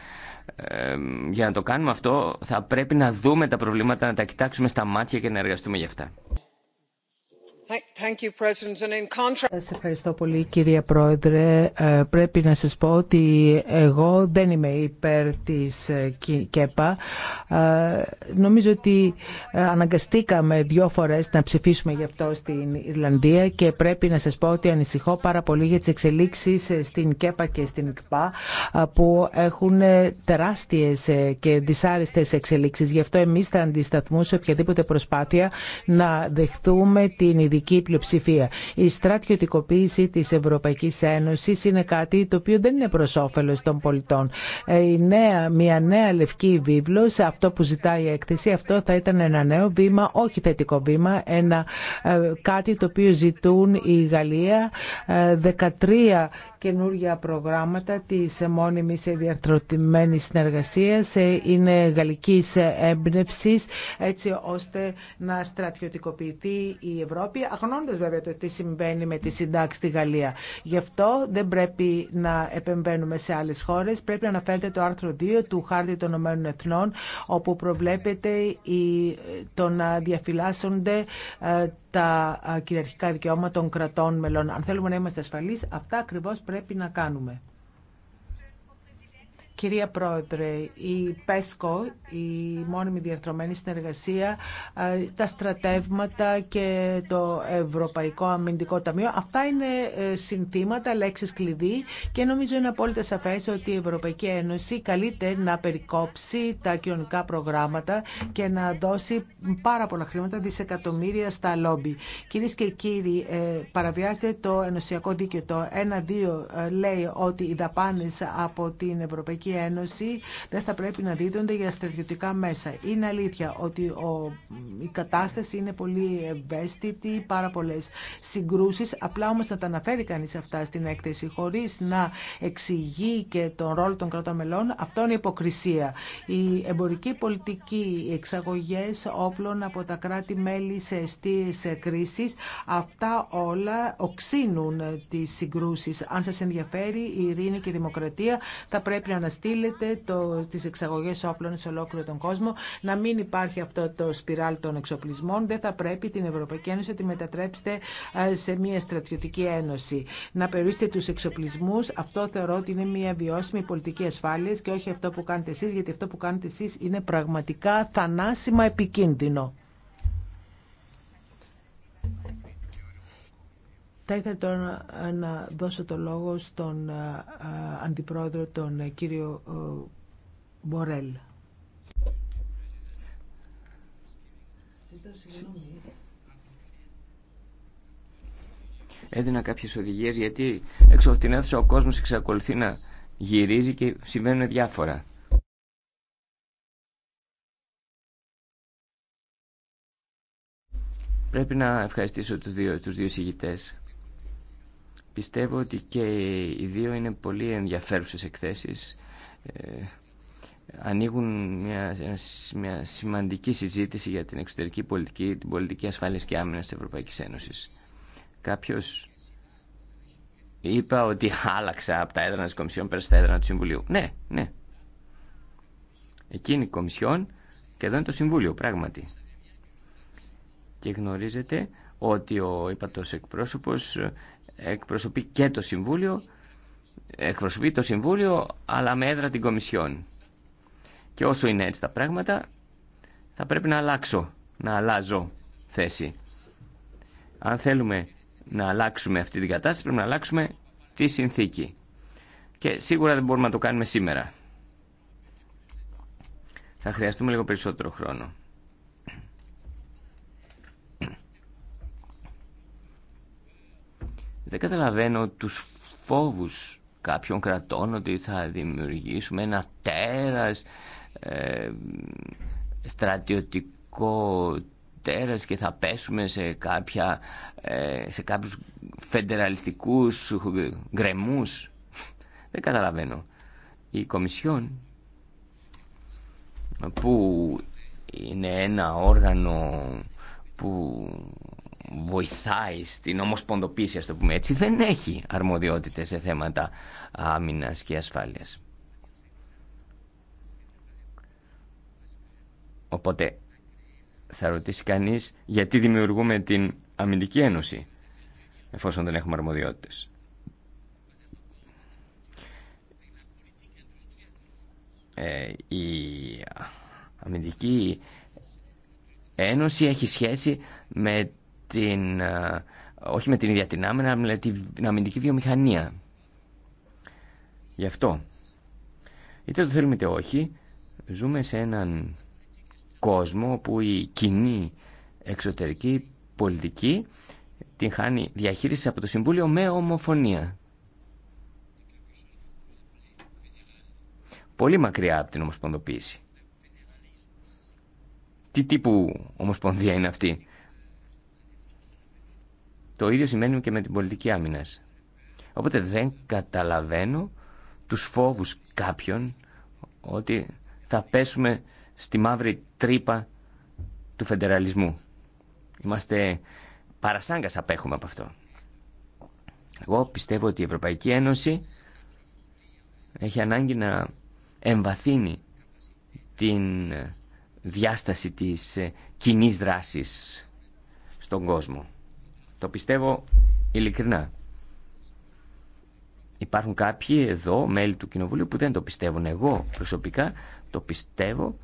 για να το κάνουμε αυτό θα πρέπει να δούμε τα προβλήματα, να τα κοιτάξουμε στα μάτια και να εργαστούμε γι' αυτά. Σας ευχαριστώ πολύ κυρία Πρόεδρε. Ε, πρέπει να σας πω ότι εγώ δεν είμαι υπέρ της ε, ΚΕΠΑ. Ε, νομίζω ότι αναγκαστήκαμε δύο φορές να ψηφίσουμε γι' αυτό στην Ιρλανδία και πρέπει να σας πω ότι ανησυχώ πάρα πολύ για τις εξελίξεις στην ΚΕΠΑ και στην ΚΠΑ που έχουν τεράστιες και δυσάρεστες εξελίξεις. Γι' αυτό εμείς θα αντισταθμούμε σε οποιαδήποτε προσπάθεια να δεχθούμε την ειδική η στρατιωτικοποίηση της Ευρωπαϊκής Ένωσης είναι κάτι το οποίο δεν είναι προς όφελος των πολιτών. Ε, η νέα, μια νέα λευκή βίβλος, αυτό που ζητάει η έκθεση, αυτό θα ήταν ένα νέο βήμα, όχι θετικό βήμα, ένα ε, κάτι το οποίο ζητούν η Γαλλία, 13 ε, καινούργια προγράμματα της μόνιμης διαρθρωτημένης συνεργασίας είναι γαλλικής έμπνευσης έτσι ώστε να στρατιωτικοποιηθεί η Ευρώπη Ευρώπη, αγνώντας βέβαια το τι συμβαίνει με τη συντάξη στη Γαλλία. Γι' αυτό δεν πρέπει να επεμβαίνουμε σε άλλες χώρες. Πρέπει να αναφέρετε το άρθρο 2 του Χάρτη των Ηνωμένων Εθνών, όπου προβλέπεται το να διαφυλάσσονται ε, τα ε, κυριαρχικά δικαιώματα των κρατών μελών. Αν θέλουμε να είμαστε ασφαλείς, αυτά ακριβώς πρέπει να κάνουμε. Κυρία Πρόεδρε, η ΠΕΣΚΟ, η μόνιμη διαρθρωμένη συνεργασία, τα στρατεύματα και το Ευρωπαϊκό Αμυντικό Ταμείο, αυτά είναι ε, συνθήματα, λέξεις κλειδί και νομίζω είναι απόλυτα σαφές ότι η Ευρωπαϊκή Ένωση καλείται να περικόψει τα κοινωνικά προγράμματα και να δώσει πάρα πολλά χρήματα, δισεκατομμύρια στα λόμπι. Κυρίε και κύριοι, ε, παραβιάζεται το ενωσιακό δίκαιο. Το 1-2 ε, λέει ότι οι δαπάνε από την Ευρωπαϊκή Ευρωπαϊκή Ένωση δεν θα πρέπει να δίδονται για στρατιωτικά μέσα. Είναι αλήθεια ότι ο, η κατάσταση είναι πολύ ευαίσθητη, πάρα πολλέ συγκρούσει. Απλά όμω να τα αναφέρει κανεί αυτά στην έκθεση χωρί να εξηγεί και τον ρόλο των κρατών μελών, αυτό είναι υποκρισία. Η εμπορική πολιτική, οι εξαγωγέ όπλων από τα κράτη-μέλη σε αιστείε κρίση, αυτά όλα οξύνουν τι συγκρούσει. Αν σα ενδιαφέρει η ειρήνη και η δημοκρατία, θα πρέπει να στείλετε το, τις εξαγωγές όπλων σε ολόκληρο τον κόσμο, να μην υπάρχει αυτό το σπιράλ των εξοπλισμών, δεν θα πρέπει την Ευρωπαϊκή Ένωση να τη μετατρέψετε ε, σε μια στρατιωτική ένωση. Να περιορίσετε τους εξοπλισμούς, αυτό θεωρώ ότι είναι μια βιώσιμη πολιτική ασφάλειας και όχι αυτό που κάνετε εσείς, γιατί αυτό που κάνετε εσείς είναι πραγματικά θανάσιμα επικίνδυνο. Θα ήθελα τώρα να δώσω το λόγο στον ε, Αντιπρόεδρο, τον ε, κύριο ε, Μπορέλ. Έδινα κάποιες οδηγίες γιατί έξω από την αίθουσα ο κόσμος εξακολουθεί να γυρίζει και συμβαίνουν διάφορα. Πρέπει να ευχαριστήσω τους δύο, τους δύο συγητές Πιστεύω ότι και οι δύο είναι πολύ ενδιαφέρουσες εκθέσεις. Ε, ανοίγουν μια, μια σημαντική συζήτηση για την εξωτερική πολιτική, την πολιτική ασφάλειας και άμυνας της Ευρωπαϊκής Ένωσης. Κάποιος είπα ότι άλλαξα από τα έδρανα της Κομισιόν πέρα στα έδρανα του Συμβουλίου. Ναι, ναι. Εκείνη η Κομισιόν και εδώ είναι το Συμβούλιο, πράγματι. Και γνωρίζετε ότι ο ύπατος εκπρόσωπος εκπροσωπεί και το Συμβούλιο, εκπροσωπεί το Συμβούλιο αλλά με έδρα την Κομισιόν. Και όσο είναι έτσι τα πράγματα θα πρέπει να αλλάξω, να αλλάζω θέση. Αν θέλουμε να αλλάξουμε αυτή την κατάσταση πρέπει να αλλάξουμε τη συνθήκη. Και σίγουρα δεν μπορούμε να το κάνουμε σήμερα. Θα χρειαστούμε λίγο περισσότερο χρόνο. Δεν καταλαβαίνω τους φόβους κάποιων κρατών ότι θα δημιουργήσουμε ένα τέρας ε, στρατιωτικό τέρας και θα πέσουμε σε, κάποια, ε, σε κάποιους φεντεραλιστικούς γκρεμούς. Δεν καταλαβαίνω. Η Κομισιόν που είναι ένα όργανο που βοηθάει στην ομοσπονδοποίηση, α το πούμε έτσι, δεν έχει αρμοδιότητε σε θέματα Άμυνα και ασφάλεια. Οπότε θα ρωτήσει κανεί γιατί δημιουργούμε την αμυντική ένωση εφόσον δεν έχουμε αρμοδιότητες. Ε, η αμυντική ένωση έχει σχέση με την, ε, όχι με την ίδια την άμενα, αλλά με την αμυντική βιομηχανία. Γι' αυτό, είτε το θέλουμε είτε όχι, ζούμε σε έναν κόσμο που η κοινή εξωτερική πολιτική την χάνει διαχείριση από το Συμβούλιο με ομοφωνία. Πολύ μακριά από την ομοσπονδοποίηση. Τι τύπου ομοσπονδία είναι αυτή το ίδιο σημαίνει και με την πολιτική άμυνας. Οπότε δεν καταλαβαίνω τους φόβους κάποιων ότι θα πέσουμε στη μαύρη τρύπα του φεντεραλισμού. Είμαστε παρασάγκας απέχουμε από αυτό. Εγώ πιστεύω ότι η Ευρωπαϊκή Ένωση έχει ανάγκη να εμβαθύνει την διάσταση της ε, κοινή δράσης στον κόσμο. Το πιστεύω ειλικρινά. Υπάρχουν κάποιοι εδώ, μέλη του Κοινοβουλίου, που δεν το πιστεύουν. Εγώ προσωπικά το πιστεύω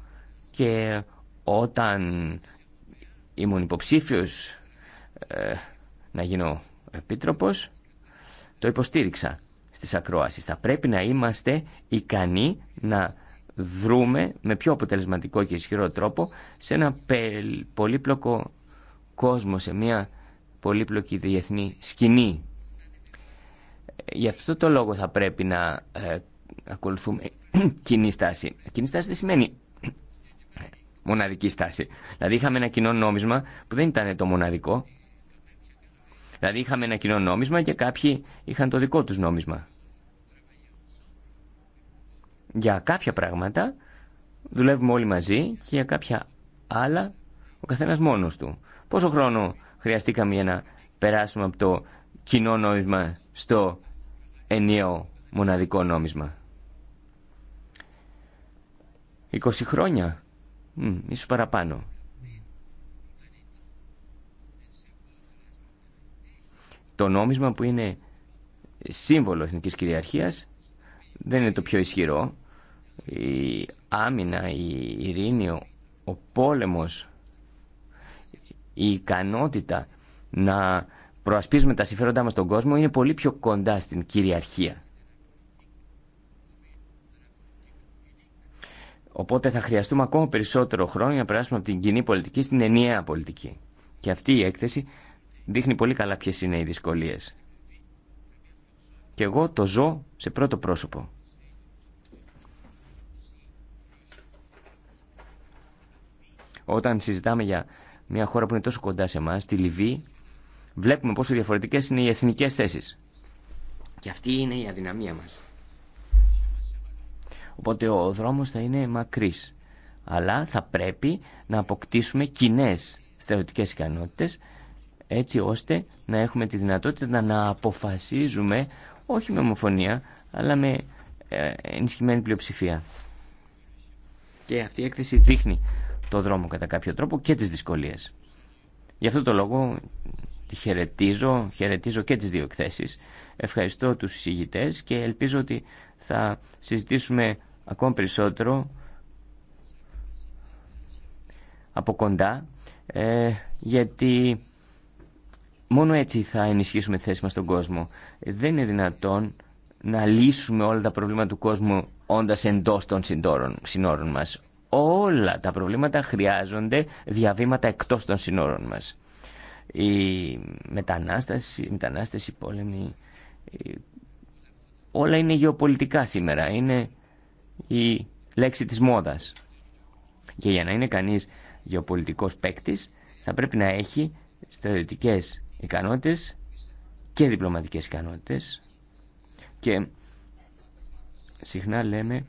και όταν ήμουν υποψήφιος ε, να γίνω επίτροπος, το υποστήριξα στις ακρόασεις. Θα πρέπει να είμαστε ικανοί να δρούμε με πιο αποτελεσματικό και ισχυρό τρόπο σε ένα πολύπλοκο κόσμο, σε μια πολύπλοκη διεθνή σκηνή. Γι' αυτό το λόγο θα πρέπει να ε, ακολουθούμε (clears throat) κοινή στάση. Κοινή στάση δεν σημαίνει (clears throat) μοναδική στάση. Δηλαδή είχαμε ένα κοινό νόμισμα που δεν ήταν το μοναδικό. Δηλαδή είχαμε ένα κοινό νόμισμα και κάποιοι είχαν το δικό τους νόμισμα. Για κάποια πράγματα δουλεύουμε όλοι μαζί και για κάποια άλλα ο καθένας μόνος του. Πόσο χρόνο χρειαστήκαμε για να περάσουμε από το κοινό νόμισμα στο ενιαίο μοναδικό νόμισμα. 20 χρόνια, Μ, ίσως παραπάνω. Το νόμισμα που είναι σύμβολο εθνικής κυριαρχίας δεν είναι το πιο ισχυρό. Η άμυνα, η ειρήνη, ο πόλεμος η ικανότητα να προασπίζουμε τα συμφέροντά μας στον κόσμο είναι πολύ πιο κοντά στην κυριαρχία. Οπότε θα χρειαστούμε ακόμα περισσότερο χρόνο για να περάσουμε από την κοινή πολιτική στην ενιαία πολιτική. Και αυτή η έκθεση δείχνει πολύ καλά ποιε είναι οι δυσκολίε. Και εγώ το ζω σε πρώτο πρόσωπο. Όταν συζητάμε για μια χώρα που είναι τόσο κοντά σε εμά, τη Λιβύη, βλέπουμε πόσο διαφορετικές είναι οι εθνικές θέσεις. Και αυτή είναι η αδυναμία μας. Οπότε ο δρόμος θα είναι μακρύ. Αλλά θα πρέπει να αποκτήσουμε κοινέ στρατιωτικές ικανότητες έτσι ώστε να έχουμε τη δυνατότητα να αποφασίζουμε όχι με ομοφωνία αλλά με ε, ενισχυμένη πλειοψηφία. Και αυτή η έκθεση δείχνει το δρόμο κατά κάποιο τρόπο και τις δυσκολίες. Γι' αυτό το λόγο χαιρετίζω, χαιρετίζω και τις δύο εκθέσεις. Ευχαριστώ τους συζητητές και ελπίζω ότι θα συζητήσουμε ακόμη περισσότερο από κοντά ε, γιατί μόνο έτσι θα ενισχύσουμε τη θέση μας στον κόσμο. Δεν είναι δυνατόν να λύσουμε όλα τα προβλήματα του κόσμου όντας εντός των συνόρων μας όλα τα προβλήματα χρειάζονται διαβήματα εκτός των συνόρων μας. Η μετανάσταση, η μετανάστευση, η πόλεμη, όλα είναι γεωπολιτικά σήμερα, είναι η λέξη της μόδας. Και για να είναι κανείς γεωπολιτικός παίκτη, θα πρέπει να έχει στρατιωτικές ικανότητες και διπλωματικές ικανότητες και συχνά λέμε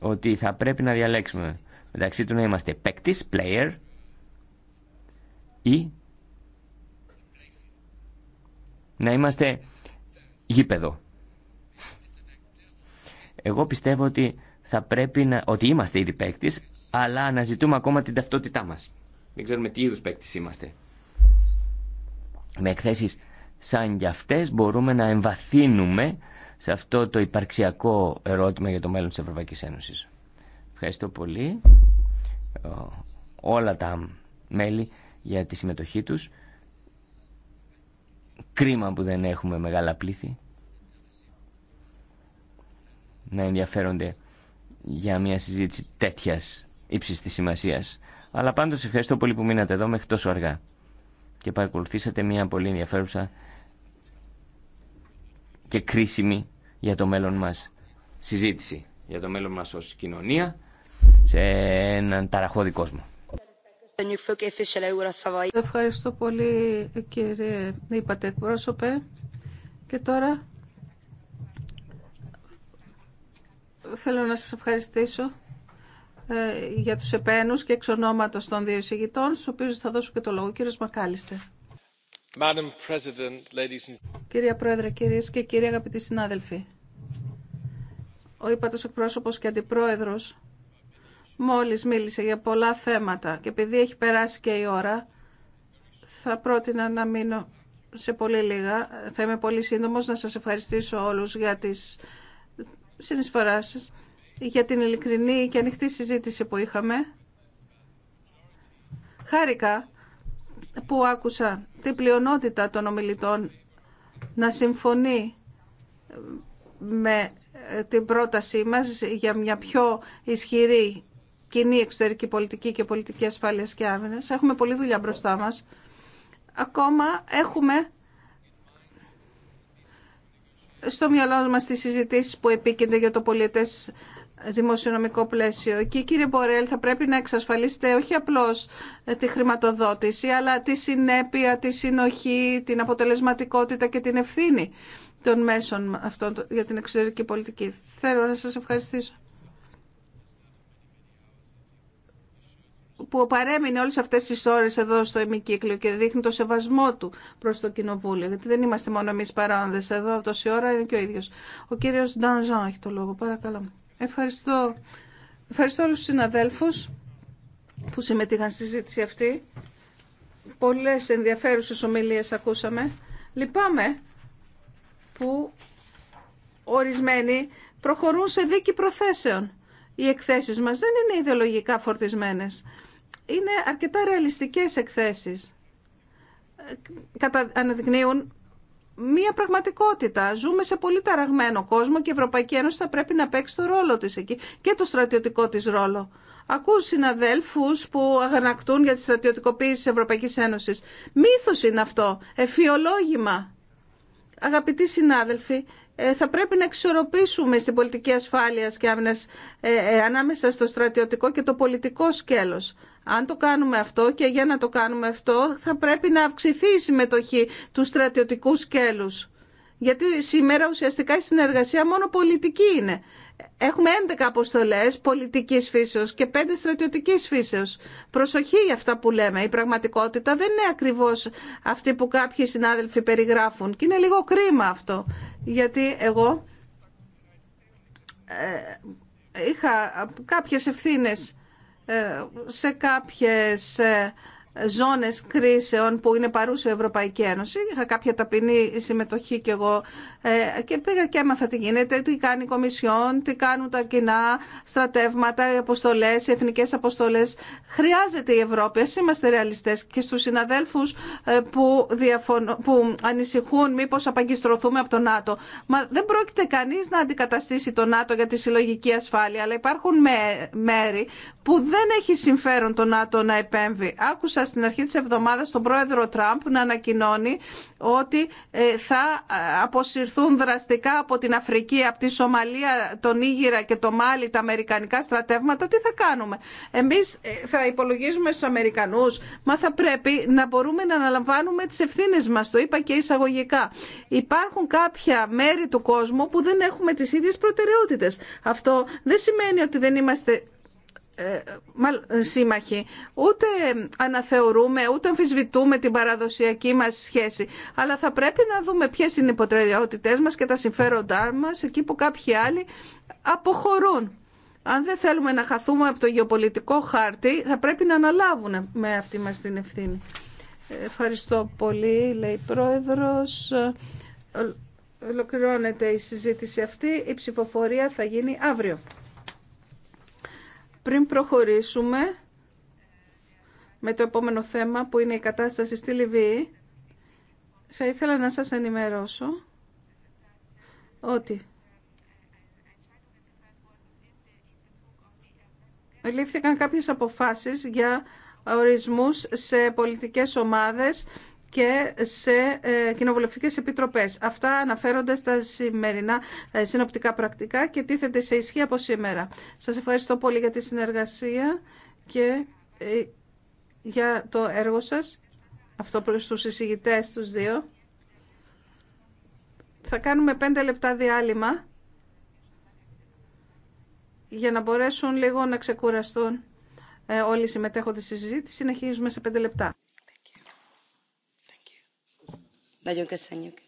ότι θα πρέπει να διαλέξουμε μεταξύ του να είμαστε παίκτη, player ή να είμαστε γήπεδο. Εγώ πιστεύω ότι θα πρέπει να... ότι είμαστε ήδη παίκτη, αλλά αναζητούμε ακόμα την ταυτότητά μας. Δεν ξέρουμε τι είδου παίκτη είμαστε. Με εκθέσεις σαν κι αυτές μπορούμε να εμβαθύνουμε σε αυτό το υπαρξιακό ερώτημα για το μέλλον της Ευρωπαϊκής Ένωσης. Ευχαριστώ πολύ ε, όλα τα μέλη για τη συμμετοχή τους. Κρίμα που δεν έχουμε μεγάλα πλήθη να ενδιαφέρονται για μια συζήτηση τέτοιας ύψης της σημασίας. Αλλά πάντως ευχαριστώ πολύ που μείνατε εδώ μέχρι τόσο αργά και παρακολουθήσατε μια πολύ ενδιαφέρουσα και κρίσιμη για το μέλλον μας συζήτηση, για το μέλλον μας ως κοινωνία σε έναν ταραχώδη κόσμο. Ευχαριστώ πολύ κύριε είπατε εκπρόσωπε και τώρα θέλω να σας ευχαριστήσω ε, για τους επένους και εξ ονόματος των δύο εισηγητών, στους οποίους θα δώσω και το λόγο. Κύριος Μακάλιστερ. Κυρία Πρόεδρε, κυρίες και κύριοι αγαπητοί συνάδελφοι, ο υπατός εκπρόσωπος και αντιπρόεδρος μόλις μίλησε για πολλά θέματα και επειδή έχει περάσει και η ώρα, θα πρότεινα να μείνω σε πολύ λίγα. Θα είμαι πολύ σύντομος να σας ευχαριστήσω όλους για τις συνεισφορά για την ειλικρινή και ανοιχτή συζήτηση που είχαμε. Χάρηκα που άκουσα την πλειονότητα των ομιλητών να συμφωνεί με ε, την πρότασή μας για μια πιο ισχυρή κοινή εξωτερική πολιτική και πολιτική ασφάλειας και άμυνας. Έχουμε πολλή δουλειά μπροστά μας. Ακόμα έχουμε στο μυαλό μας τις συζητήσεις που επίκενται για το πολιτές δημοσιονομικό πλαίσιο. Και κύριε Μπορέλ θα πρέπει να εξασφαλίσετε όχι απλώς ε, τη χρηματοδότηση αλλά τη συνέπεια, τη συνοχή, την αποτελεσματικότητα και την ευθύνη των μέσων αυτών για την εξωτερική πολιτική. Θέλω να σας ευχαριστήσω. που παρέμεινε όλες αυτές τις ώρες εδώ στο ημικύκλιο και δείχνει το σεβασμό του προς το Κοινοβούλιο. Γιατί δεν είμαστε μόνο εμείς παρόντε εδώ, τόση ώρα είναι και ο ίδιος. Ο κύριος Ντανζάν έχει το λόγο. Παρακαλώ. Ευχαριστώ. Ευχαριστώ όλους τους συναδέλφους που συμμετείχαν στη συζήτηση αυτή. Πολλές ενδιαφέρουσες ομιλίες ακούσαμε. Λυπάμαι που ορισμένοι προχωρούν σε δίκη προθέσεων. Οι εκθέσεις μας δεν είναι ιδεολογικά φορτισμένες. Είναι αρκετά ρεαλιστικές εκθέσεις. Κατα... Αναδεικνύουν μία πραγματικότητα. Ζούμε σε πολύ ταραγμένο κόσμο και η Ευρωπαϊκή Ένωση θα πρέπει να παίξει το ρόλο της εκεί και το στρατιωτικό της ρόλο. Ακούω συναδέλφου που αγανακτούν για τη στρατιωτικοποίηση της Ευρωπαϊκής Ένωσης. Μύθος είναι αυτό, εφιολόγημα. Αγαπητοί συνάδελφοι, ε, θα πρέπει να εξορροπήσουμε στην πολιτική ασφάλεια και ε, ε, ανάμεσα στο στρατιωτικό και το πολιτικό σκέλος. Αν το κάνουμε αυτό και για να το κάνουμε αυτό θα πρέπει να αυξηθεί η συμμετοχή του στρατιωτικού σκέλους. Γιατί σήμερα ουσιαστικά η συνεργασία μόνο πολιτική είναι. Έχουμε 11 αποστολέ πολιτικής φύσεως και 5 στρατιωτικής φύσεως. Προσοχή για αυτά που λέμε. Η πραγματικότητα δεν είναι ακριβώς αυτή που κάποιοι συνάδελφοι περιγράφουν. Και είναι λίγο κρίμα αυτό. Γιατί εγώ ε, είχα κάποιες ευθύνε. Ε, σε κάποιες ε, ζώνες κρίσεων που είναι παρούσε η Ευρωπαϊκή Ένωση. Είχα κάποια ταπεινή συμμετοχή κι εγώ ε, και πήγα και έμαθα τι γίνεται, τι κάνει η Κομισιόν, τι κάνουν τα κοινά στρατεύματα, οι αποστολές, οι εθνικές αποστολές. Χρειάζεται η Ευρώπη, ας είμαστε ρεαλιστές και στους συναδέλφους που, που ανησυχούν μήπως απαγκιστρωθούμε από το ΝΑΤΟ. Μα δεν πρόκειται κανείς να αντικαταστήσει το ΝΑΤΟ για τη συλλογική ασφάλεια, αλλά υπάρχουν μέρη που δεν έχει συμφέρον το ΝΑΤΟ να επέμβει. Άκουσα στην αρχή της εβδομάδας τον πρόεδρο Τραμπ να ανακοινώνει ότι ε, θα ε, αποσυρθούν δραστικά από την Αφρική, από τη Σομαλία, τον Ήγηρα και το Μάλι τα αμερικανικά στρατεύματα. Τι θα κάνουμε. Εμείς ε, θα υπολογίζουμε στους Αμερικανούς, μα θα πρέπει να μπορούμε να αναλαμβάνουμε τις ευθύνες μας. Το είπα και εισαγωγικά. Υπάρχουν κάποια μέρη του κόσμου που δεν έχουμε τις ίδιες προτεραιότητες. Αυτό δεν σημαίνει ότι δεν είμαστε ε, ε, σύμμαχοι. Ούτε αναθεωρούμε, ούτε αμφισβητούμε την παραδοσιακή μας σχέση. Αλλά θα πρέπει να δούμε ποιες είναι οι υποτρεδιότητές μας και τα συμφέροντά μας εκεί που κάποιοι άλλοι αποχωρούν. Αν δεν θέλουμε να χαθούμε από το γεωπολιτικό χάρτη, θα πρέπει να αναλάβουν με αυτή μας την ευθύνη. Ε, ευχαριστώ πολύ, λέει Πρόεδρος. Ολοκληρώνεται η συζήτηση αυτή. Η ψηφοφορία θα γίνει αύριο. Πριν προχωρήσουμε με το επόμενο θέμα που είναι η κατάσταση στη Λιβύη, θα ήθελα να σας ενημερώσω ότι λήφθηκαν κάποιες αποφάσεις για ορισμούς σε πολιτικές ομάδες και σε ε, κοινοβουλευτικές επιτροπές. Αυτά αναφέρονται στα σημερινά ε, συνοπτικά πρακτικά και τίθεται σε ισχύ από σήμερα. Σας ευχαριστώ πολύ για τη συνεργασία και ε, για το έργο σας. Αυτό προς τους εισηγητές τους δύο. Θα κάνουμε πέντε λεπτά διάλειμμα για να μπορέσουν λίγο να ξεκουραστούν όλοι οι συμμετέχοντες στη συζήτηση. Συνεχίζουμε σε πέντε λεπτά. Nagyon köszönjük.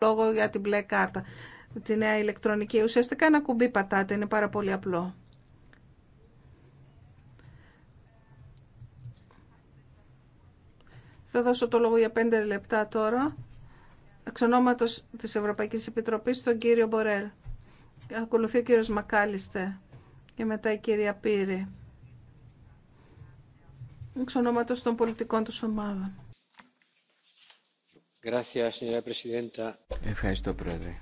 λόγο για την μπλε κάρτα, τη νέα ηλεκτρονική. Ουσιαστικά ένα κουμπί πατάτε, είναι πάρα πολύ απλό. Θα δώσω το λόγο για πέντε λεπτά τώρα, εξ ονόματος της Ευρωπαϊκής Επιτροπής, τον κύριο Μπορέλ. Ακολουθεί ο κύριος Μακάλιστε και μετά η κυρία Πύρη. Εξ ονόματος των πολιτικών του ομάδων. Ευχαριστώ, Πρόεδρε.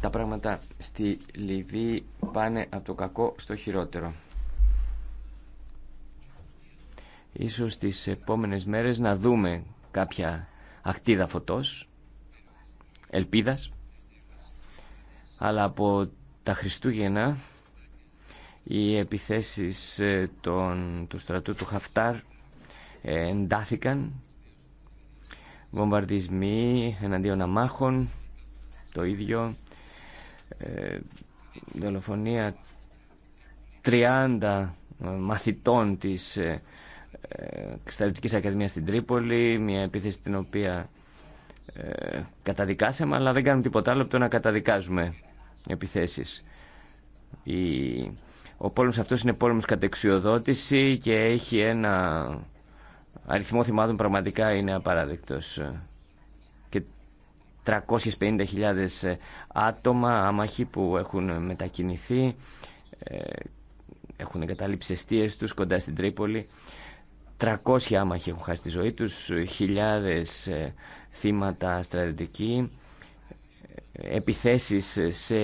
Τα πράγματα στη Λιβύη πάνε από το κακό στο χειρότερο. Ίσως τις επόμενες μέρες να δούμε κάποια ακτίδα φωτός, ελπίδας, αλλά από τα Χριστούγεννα οι επιθέσεις ε, των, του στρατού του Χαφτάρ ε, εντάθηκαν βομβαρδισμοί εναντίον αμάχων το ίδιο ε, δολοφονία 30 μαθητών της ε, Στρατιωτικής Ακαδημίας στην Τρίπολη μια επίθεση την οποία καταδικάσαμε αλλά δεν κάνουμε τίποτα άλλο από το να καταδικάζουμε επιθέσεις ο πόλεμος αυτός είναι πόλεμος κατεξιοδότηση και έχει ένα αριθμό θυμάτων πραγματικά είναι απαράδεκτος. Και 350.000 ε, άτομα άμαχοι που έχουν μετακινηθεί, ε, έχουν εγκαταλείψει αιστείες τους κοντά στην Τρίπολη. 300 άμαχοι έχουν χάσει τη ζωή τους, χιλιάδες ε, θύματα στρατιωτικοί, επιθέσεις σε